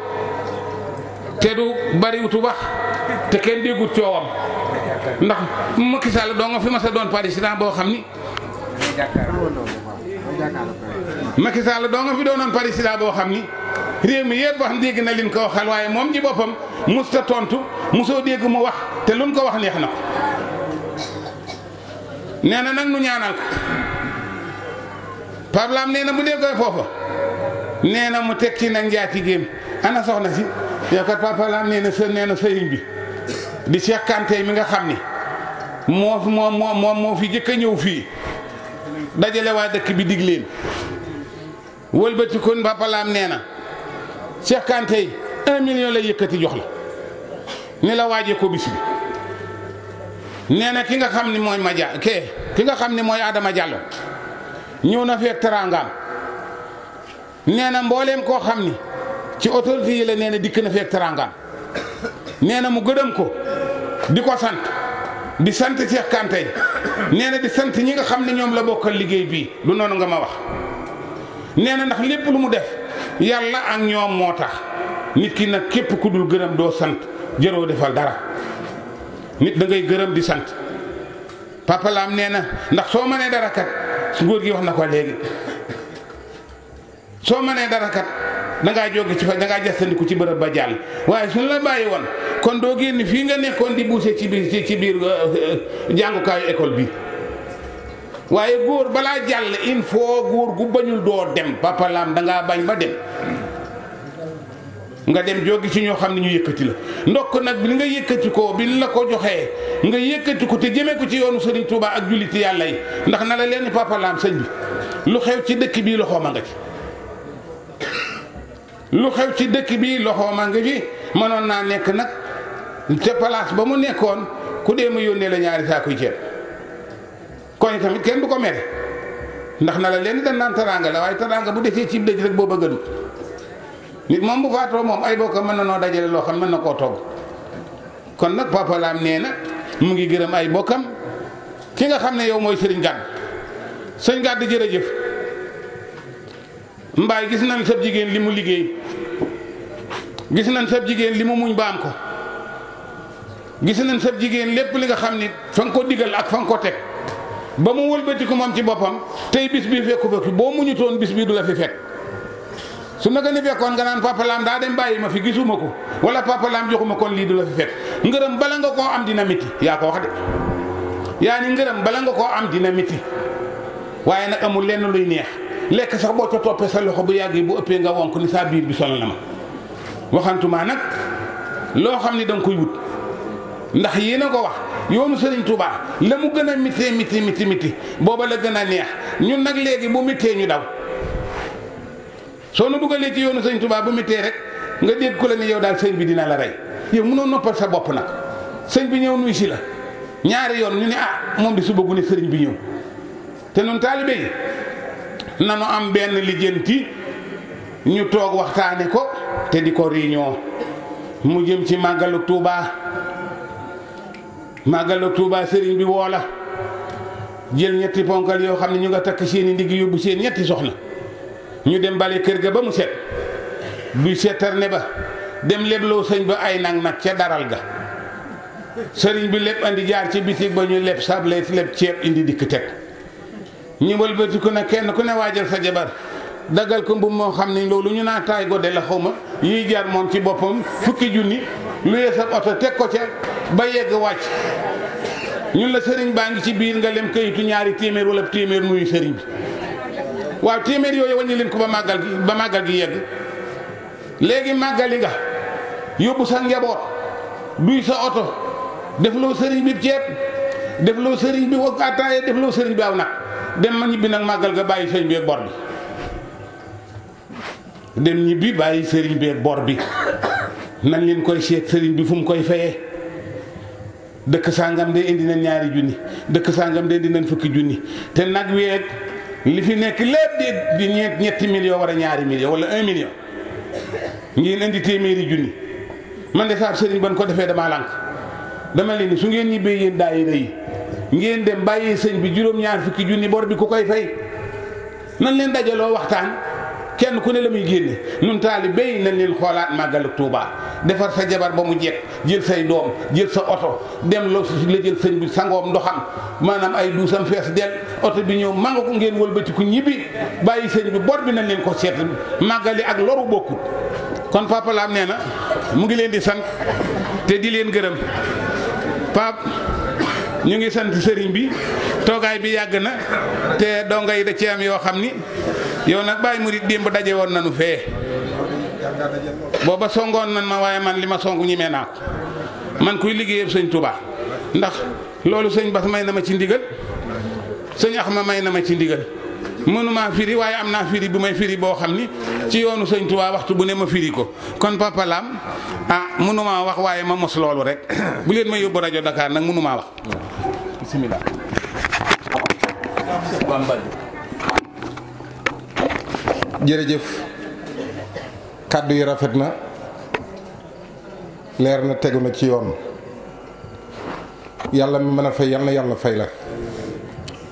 [SPEAKER 11] te du bariwutu wax te kenn déggut coowam ndax Macky Sall doo nga fi ma doon président boo xam ni Macky Sall doo nga fi doonoon président boo xam ni réew mi yëpp wax dégg na liñ ko waxal waaye moom ji boppam musta tontu musoo dégg mu wax te luñ ko wax neex na ko nee na nag nu ñaanal ko Pablam nee na mu déggoy foofa nee na mu teg ci nag njaatigéem ana soxna si yow kat papa laan nee na sa nee na sëriñ bi di Cheikh Kanté mi nga xam ni moo moo fi jëkk a ñëw fii dajale waa dëkk bi digleen leen wëlbati kon papa laan nee na Cheikh Kanté un million la ni la waajee ko bis bi nee na ki nga xam ni mooy ma ja ki nga xam ni mooy Adama Diallo ñëw na feeg teraangaam nee na mbooleem koo xam ni. ci autorité yi la nee na dikk na feeg teraangaan nee na mu gërëm ko di ko sant di sant seex Kanté nee na di sant ñi nga xam ne ñoom la bokkal liggéey bii lu noonu nga ma wax. nee na ndax lépp lu mu def yàlla ak ñoom moo tax nit ki nag képp ku dul gërëm doo sant jëroo defal dara nit da ngay gërëm di sant papa laam nee na ndax soo mënee dara kat góor gi wax na ko léegi soo mënee dara kat. dangaa ngaa ci fa dangaa ngaa jastandiku ci bërëb ba jàll waaye suñ la bàyyi woon kon doo génn fii nga nekkoon di buuse ci biir ci biir euh, euh, jàngukaayu école bi waaye góor balaa jàll il faut góor gu bañul doo dem papa laam bañ ba dem nga dem jógi ci ñoo xam ne ñu yëkkati la ndokk nag bi nga yëkkati ko bi la ko joxee nga yëkkati ko te jëmee ko ci yoonu Serigne Touba ak julliti yàlla yi ndax na la leen papa laam bi lu xew ci dëkk bii loxoom a ci. lu xew ci dëkk bi loxoom a ngi fi mënoon naa nekk nag te place ba mu nekkoon ku dee mu yónnee la ñaari saakuy ceeb kon tamit kenn du ko mere ndax na la leen dañ naan teraanga la waaye teraanga bu desee ci dëj rek boo bëgg nit moom bu faatoo moom ay bokk mën na noo dajale loo xam mën na koo togg kon nag Papa nee na mu ngi gërëm ay bokkam ki nga xam ne yow mooy sëriñ Gàdd sëñ Gàdd jërëjëf mbaay gis nañ sab jigéen li mu liggéey gis nañ sab jigéen li mu muñ baam ko gis nañ sab jigéen lépp li nga xam ni fa nga ko digal ak fa nga ko teg ba mu wëlbatiku moom ci boppam tey bis bi fekku fekk boo muñutoon bis bi du fi fekk su nga naan papa lam daa dem bàyyi ma fi gisuma ko wala papa lam joxuma kon lii du la fi fekk ngërëm bala nga koo am dina miti yaa ko wax de yaa ni ngërëm bala nga koo am dina miti waaye nag amul lenn luy neex lekk sax boo ca toppee sa loxo bu yàggee bu ëppee nga wonk ni saa biir bi sonal na ma waxantumaa nag loo xam ni danga koy wut ndax yéen a ko wax yoonu sëriñ Touba la mu gën a mitee miti miti miti booba la gën a neex ñun nag léegi bu mitee ñu daw soo nu dugalee ci yoonu Serigne Touba bu mitee rek nga dégg ku la ni yow daal sëñ bi dina la rey yow mënoo noppal sa bopp nag sëñ bi ñëw nuy si la ñaari yoon ñu ne ah moom di suba gu ne sëriñ bi ñëw nanu am benn lijjanti ñu toog waxtaane ko te di ko réunion mu jëm ci màggalu Touba màggalu Touba sëriñ bi woo la jël ñetti ponkal yoo xam ne ñu nga takk seeni ndigg yóbbu seen ñetti soxna ñu dem bale kër ga ba mu set buy seetar ne ba dem lebloo sëñ ba ay nag nag ca daral ga sëriñ bi lépp andi jaar ci bitig ba ñu leb sable leb ceeb indi dikk teg ñu wëlbati ku ne kenn ku ne waajal sa jabar daggal ko mbubb moo xam ni loolu ñu naa taay godde la xaw ma yuy moom ci boppam fukki junni luyee sa oto teg ko ca ba yegg wàcc ñun la sëriñ baa ngi ci biir nga lem kayitu ñaari téeméer wala téeméer nuyu sëriñ bi waaw téeméer yooyu wàññi leen ko ba màggal gi ba màggal gi yegg léegi màggali nga yóbbu sa njaboot duy sa oto def loo sëriñ bi ceeb def loo sëriñ bi ko attaaye def loo sëriñ bi aw nag dem ma ñibbi nag màggal ga bàyyi sëriñ bi ak bor bi dem bàyyi sëriñ bi bor bi nan leen koy seet sëriñ bi fu mu koy fayee dëkk sàngam de indi nañ ñaari junni dëkk sàngam de indi nañ fukki junni te nag weeg li fi nekk lépp di di ñeent ñetti million wala ñaari million wala un million ngeen indi téeméeri junni man de saab sëriñ ban ko defee damaa lànk dama leen su ngeen ñibbee yéen daay yi ngeen dem bàyyi sëñ bi juróom-ñaar fukki junni bor bi ku koy fay nan leen dajaloo waxtaan kenn ku ne la muy génne nun taalibe yi nañ leen xoolaat màggalu Tuuba defar sa jabar ba mu jekk jël say doom jël sa oto dem loo si la jël sëñ bi sangoom ndoxam maanaam ay duusam fees del oto bi ñëw manga ko ngeen wëlbatiku ñibbi bàyyi sëñ bi bor bi nañ leen ko seet màggali ak loru bokkut kon Papa nee na mu ngi leen di sant te di leen gërëm Pape ñu ngi sant sëriñ bi toogaay bi yàgg na te donga yi da ci am yoo xam ni yow nag bàyyi murit démb daje woon nanu fee booba songoon nan ma waaye man li ma song ñemee naa ko man kuy liggéeyam sëñ Touba ndax loolu sëñ Bas may na ma ci ndigal sëñ Axma may na ma ci ndigal mënuma firi waye amna firi bu may firi bo xamni ci yoonu seigne touba waxtu bu ne ma firi ko kon papa lam ah mënuma wax waye ma mos loolu rek [coughs] bu len ma yóbbu radio Dakar nag mënuma
[SPEAKER 10] wax bismillah jërëjëf kaddu yi rafetna leer na teguna ci yoon yalla mi meuna fay yalla yalla fay la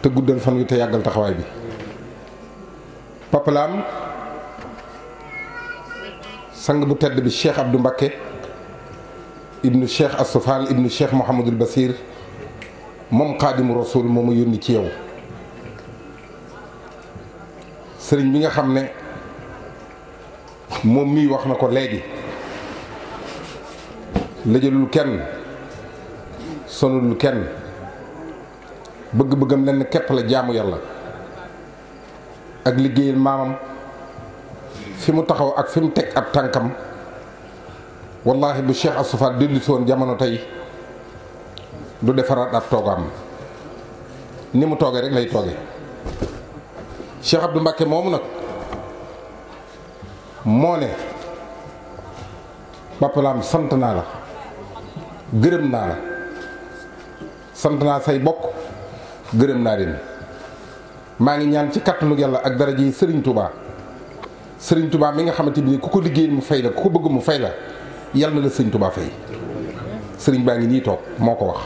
[SPEAKER 10] te guddal fan yu te yagal taxaway bi papalaam sang bu tedd bi cheikh Abdou Mbakke ibnu cheikh Assoufal ibnu cheikh Mouhamadul Basir moom xaadimu rasul moo ma yónni ci yow sëriñ bi nga xam ne moom mii wax na ko léegi lëjalul kenn sonulul kenn bëgg-bëggam lenn képp la jaamu yàlla ak liggéeyal maamam fi mu taxaw ak fi mu teg ab tànkam wallahi bu Cheikh Astou Fall dellusoon jamono tey du defaraat ab toogaam ni mu tooge rek lay tooge Cheikh Abdou Mbacké moomu nag moo ne Bapalaam sant naa la gërëm naa la sant naa say bokk gërëm naa leen maa ngi ñaan ci kattanu yàlla ak daraja yi sëriñ Touba sëriñ Touba mi nga xamante ni ku ko liggéey mu fay la ku ko bëgg mu fay la yàlla na la Serigne tubaa fay sëriñ baa ngi nii toog moo ko wax.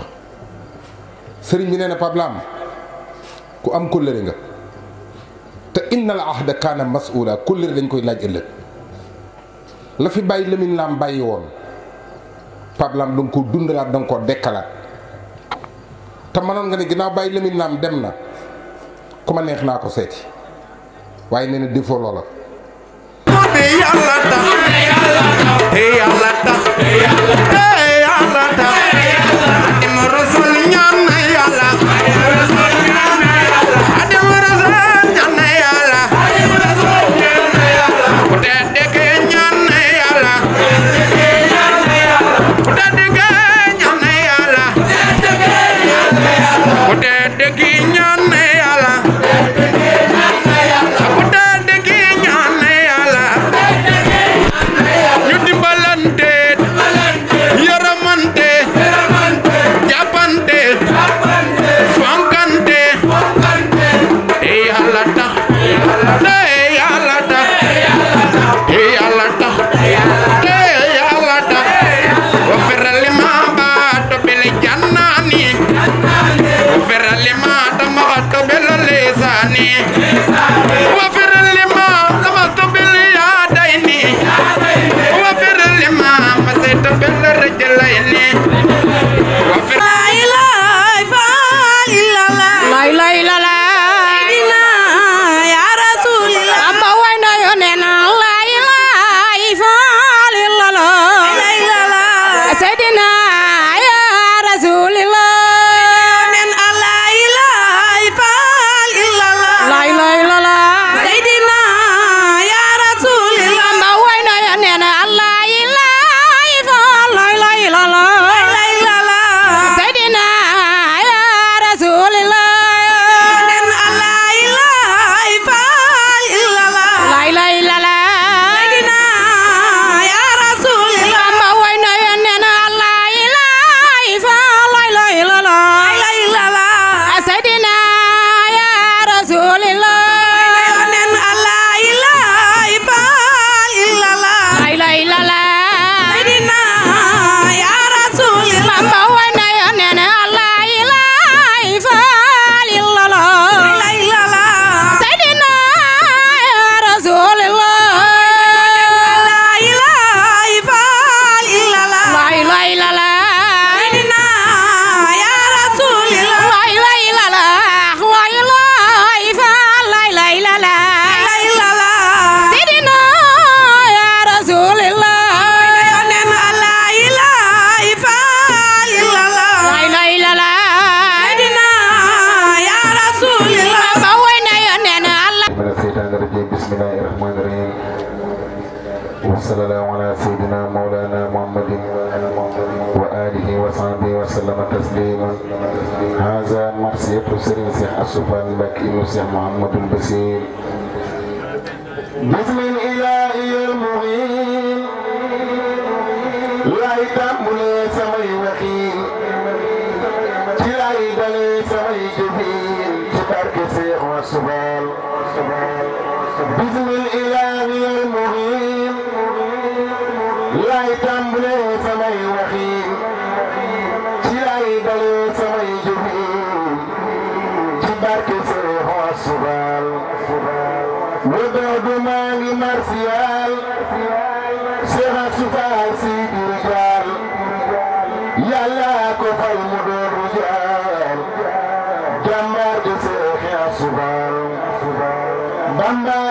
[SPEAKER 10] sëriñ bi nee na Pape Lam ku am kóllëre nga te innal ahda kaana mas'uula kóllëre dañ koy laaj ëllëg la fi bàyyi Lamine Lam bàyyi woon Pape Lam da nga koo dundalaat da nga koo dekkalaat te mënoon nga ne ginnaaw bàyyi Lamine Lam dem na. ku ma neex naa ko seeti waaye nee na défaut loola.
[SPEAKER 9] te yàlla tax te yàlla tax te yàlla tax. Yeah.
[SPEAKER 6] السلطان مكي بن شيخ محمد البشير
[SPEAKER 9] بسم الإلهي المغيث আমরা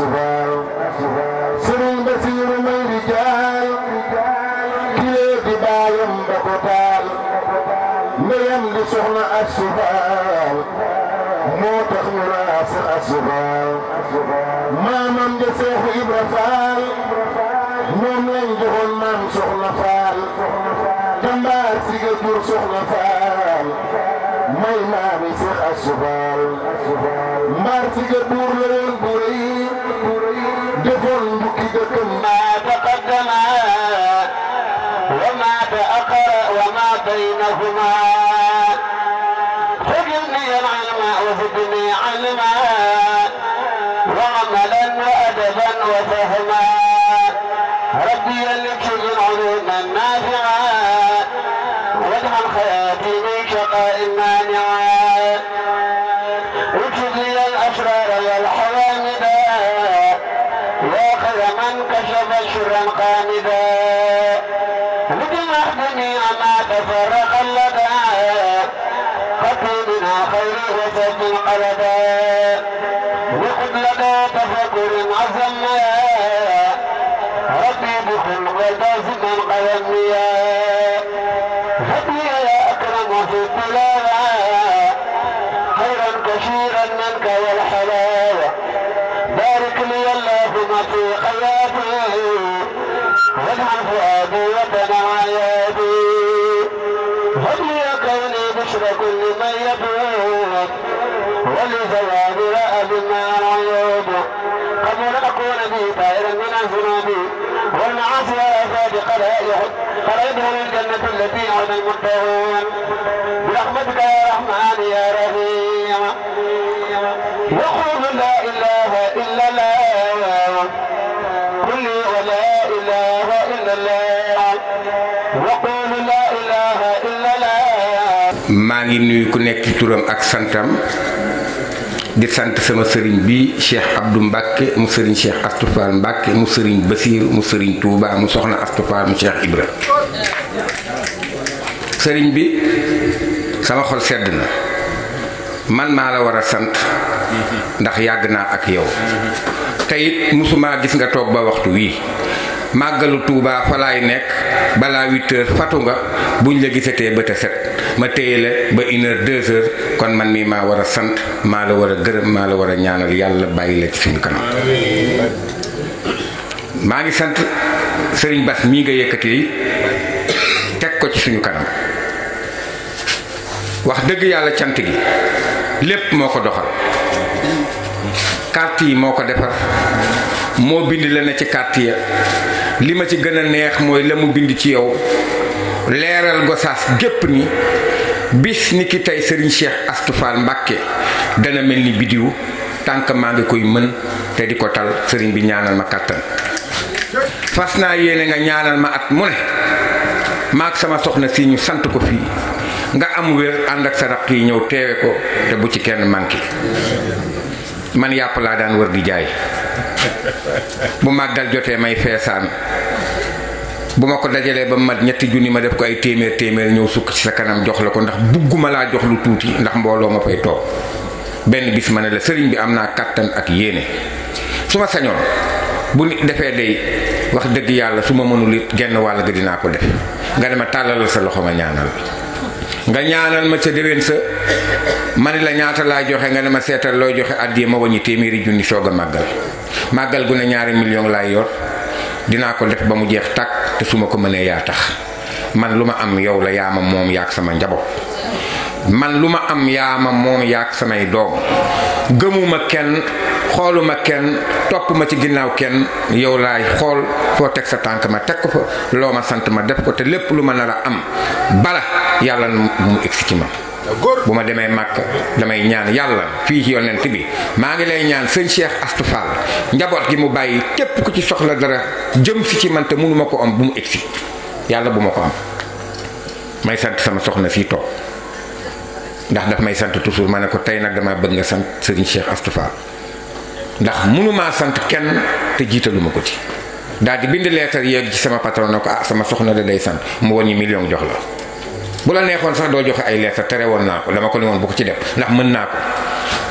[SPEAKER 9] أكبر سرين بسير من رجال كلي دبايم بقتال ميم لسحنا أكبر موت خلاص أكبر ما من جسيه إبرفال moom lañ joxoon maam soxna faal jàmbaar si nga jur soxna faal may maami seex asufaal mbaar si nga buur la Welcome back.
[SPEAKER 12] مباسط الأغنياء هدي يا أكرم في التلاوة خيرا كثيرا منك والحلاوة بارك لي اللهم في حياتي وانعم فؤادي عيادي هدي يا كوني بشرى كل من يبوك ولزواج رأى بما عيوب قبل أكون بي طائرا من أزنابي والعفو والعباد قد يدخل الجنة التي وعد المتقون برحمتك يا رحمن يا رحيم
[SPEAKER 9] يقول
[SPEAKER 12] لا إله إلا الله قل ولا إله إلا الله وقول
[SPEAKER 13] لا إله إلا الله maa ngi nuyu ku nekk ci turam ak santam di sant sama sëriñ bi Cheikh Abdou Mbacke mu sëriñ Cheikh Astoufal Mbacke mu sëriñ Basir mu sëriñ tuuba mu soxna Astoufal mu Cheikh Ibra sëriñ bi sama xol sedd na man maa la war a sant ndax yàgg naa ak yow te it musuma gis nga toog ba waxtu wii màggalu Touba fa laay nekk balaa huit heures fatu nga buñ la gisatee bët a set ma téye la ba une heure deux heures kon man mii maa war a sant maa la war a gërëm maa la war a ñaanal yàlla bàyyi la ci suñu kanam maa ngi sant Serigne Bass mii nga yëkkati teg ko ci suñu kanam wax dëgg yàlla cant gi lépp moo ko doxal carte yi moo ko defar moo bind la ne ci carte ya lima ci gëna neex moy lamu bind ci yow go sas ni bis ni ki tey sëriñ cheikh astoufal mbàkke dana mel ni bidiw tank ma nga koy mën te diko tal serigne bi ñaanal ma katan fasna yene nga ñaanal ma at mu ne maag sama soxna si ñu sant ko fi nga am wër and ak sa yi ñew teewe ko te bu ci kenn manki man yapp la daan wër di jaay bu màggal jotee may feesaan bu ma ko dajalee ba mu mat ñetti junni ma def ko ay téeméer téeméer ñëw sukk ci sa kanam jox la ko ndax bugguma laa jox lu tuuti ndax mbooloo ma fay toog benn bis ma ne la sëriñ bi am naa kàttan ak yéene su ma sañoon bu nit defee day wax dëgg yàlla su ma mënul genn wàll ga dinaa ko def nga ne ma tàllalal sa loxo ma ñaanal nga ñaanal ma ca déwén sa ma ne la ñaata laa joxe nga ne ma seetal looy joxe àddiyee ma wañu téeméeri junni soog a màggal màggal gu ne ñaari million laay yor dinaa ko def ba mu jeex tàkk te su ma ko mënee yaa tax man lu ma am yow la yaa ma moom yaag sama njaboot man lu ma am yaa ma moom yaag samay doom gëmuma kenn xooluma kenn topp ci ginnaaw kenn yow laay xool foo teg sa tànk ma teg ko fa loo ma sant ma def ko te lépp lu ma nar a am bala yàlla mu egsi ci ma buma demé mak damay ñaan yalla fi ci yonent bi ma ngi lay ñaan sëñ Cheikh Astou Fall njaboot gi mu bayyi kep ku ci soxla dara jëm fi ci man te mënuma ko am bu mu egsi yàlla bu am may sant sama soxna fi tok ndax daf may sant toujours mané ko tay nak dama bëgg nga sant sëriñ Cheikh Astou ndax sant kenn te jiitaluma ko ci dal di bind lettre yeug ci sama patron nako ah, sama soxna da lay sant mu woni million jox la bu la neexoon sax doo joxe ay lettre tere woon naa ko dama ko ne woon bu ko ci def ndax mën naa ko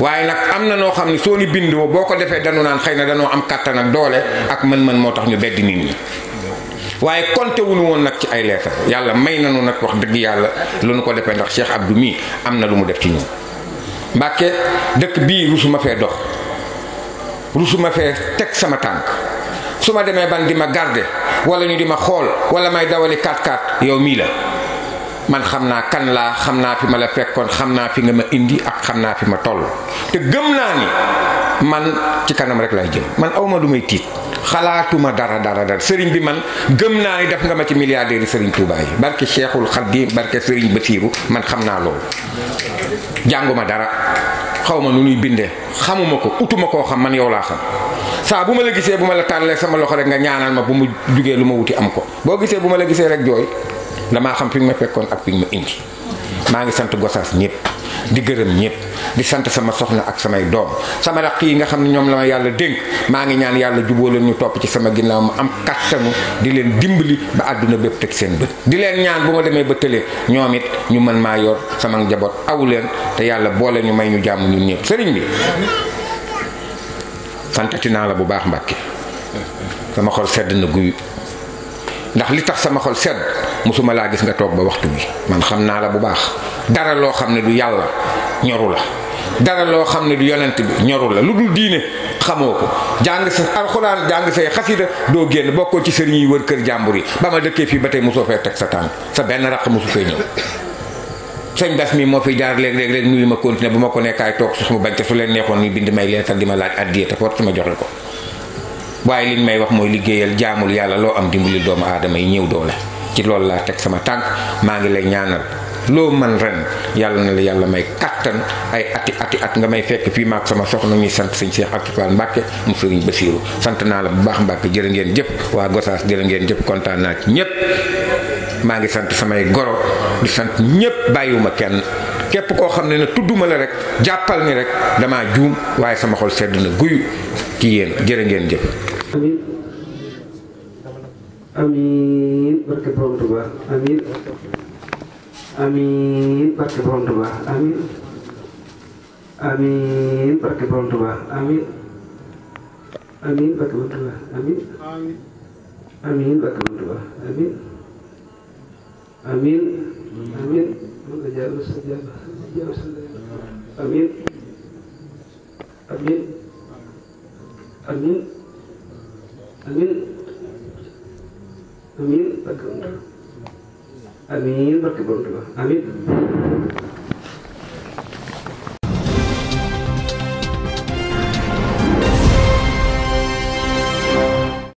[SPEAKER 13] waaye nag am na noo xam ne soo ni bindoo boo ko defee danu naan xëy na danoo am kàttan doole ak mën-mën moo tax ñu bedd nit ñi waaye konte wuñu woon nag ci ay lettre yàlla may nañu nag wax dëgg yàlla lu nu ko defee ndax Cheikh Abdou mii am na lu mu def ci ñun Mbàkke dëkk bii rusuma fee dox rusuma fee teg sama tànk su ma demee ban di ma gàrde wala ñu di ma xool wala may dawali 4 x yow mii la man xamna kan la xamna fi mala fekkon xamna fi nga ma indi ak xamna fi ma toll te gëm ni man ci kanam rek lay jëm man awma lu may tiit xalaatuma dara dara dara serigne bi man gem naa ni def nga ma ci milliardaire serigne Touba yi barke Cheikhul Khadim barke serigne Basiru man xamna naa janguma dara xawma nu ñuy bindé xamuma ko utuma ko xam man yow la xam sa buma la gisee buma la tanlé sama loxo rek nga ñaanal ma bu mu jugee lu wuti am ko bo gisee buma la gisee rek joy dama xam fi ma fekkon ak fi ma indi ma ngi sant gossas ñepp di gërëm ñepp di sant sama soxna ak sama doom sama raq yi nga xam ne ñoom la ma yàlla ngi ñaan yalla jubo leen ñu top ci sama ginnaw ma am kattanu di leen dimbali ba aduna bepp tek seen bët di leen ñaan bu ma demee ba tële ñomit ñu mën ma yor sama njabot aw leen te bo leen ñu may ñu jamm ñun ñepp sëriñ bi santati na la bu baax mbàkke sama xol sedd na guy ndax li tax sama xol sedd musuma laa gis nga toog ba waxtu bi man xam naa la bu baax dara loo xam ne du yàlla ñoru la dara loo xam ne du yonent bi ñoru la lu dul diine xamoo ko jàng sa alxuraan jàng say xasida doo génn bokkoo ci sëriñ yi wër kër jàmbur yi ba ma dëkkee fii ba tey mosoo fee teg sa tànk sa benn raq mosu fee ñëw sëñ bas mi moo fi jaar léeg-léeg léeg nuyu ma continuer bu ma ko nekkaay toog su ma bañ te su leen neexoon ni bind may leen sax di ma laaj addiya te fort su ma joxe ko waaye liñ may wax mooy liggéeyal jaamul yàlla loo am dimbali doomu aadama yi ñëw doole ci lool la tek sama tank ma ngi lay ñaanal lo man ren yalla na la yalla may katan ay ati ati at nga may fekk fi maag sama soxna ñuy sant sëñ Cheikh Abdoulaye Mbacke mu sëriñ Basiru sant na la bu baax Mbacke jeere ngeen jëpp wa gossas jeere ngeen jëpp contane naa ci ñëpp maa ngi sant samay goro di sant ñepp bàyyiwuma kenn kep ko xamne na tuduma la rek jappal ni rek dama joom waye sama xol sedd na guyu ki yeen jeere ngeen jëf
[SPEAKER 9] amin barke borom amin amin barke borom amin amin barke borom amin amin barke borom amin amin barke borom Amin. amin amin amin Amin. Amin. amin amin amin amin amiin barke Borom Tuubaa amiin barke Borom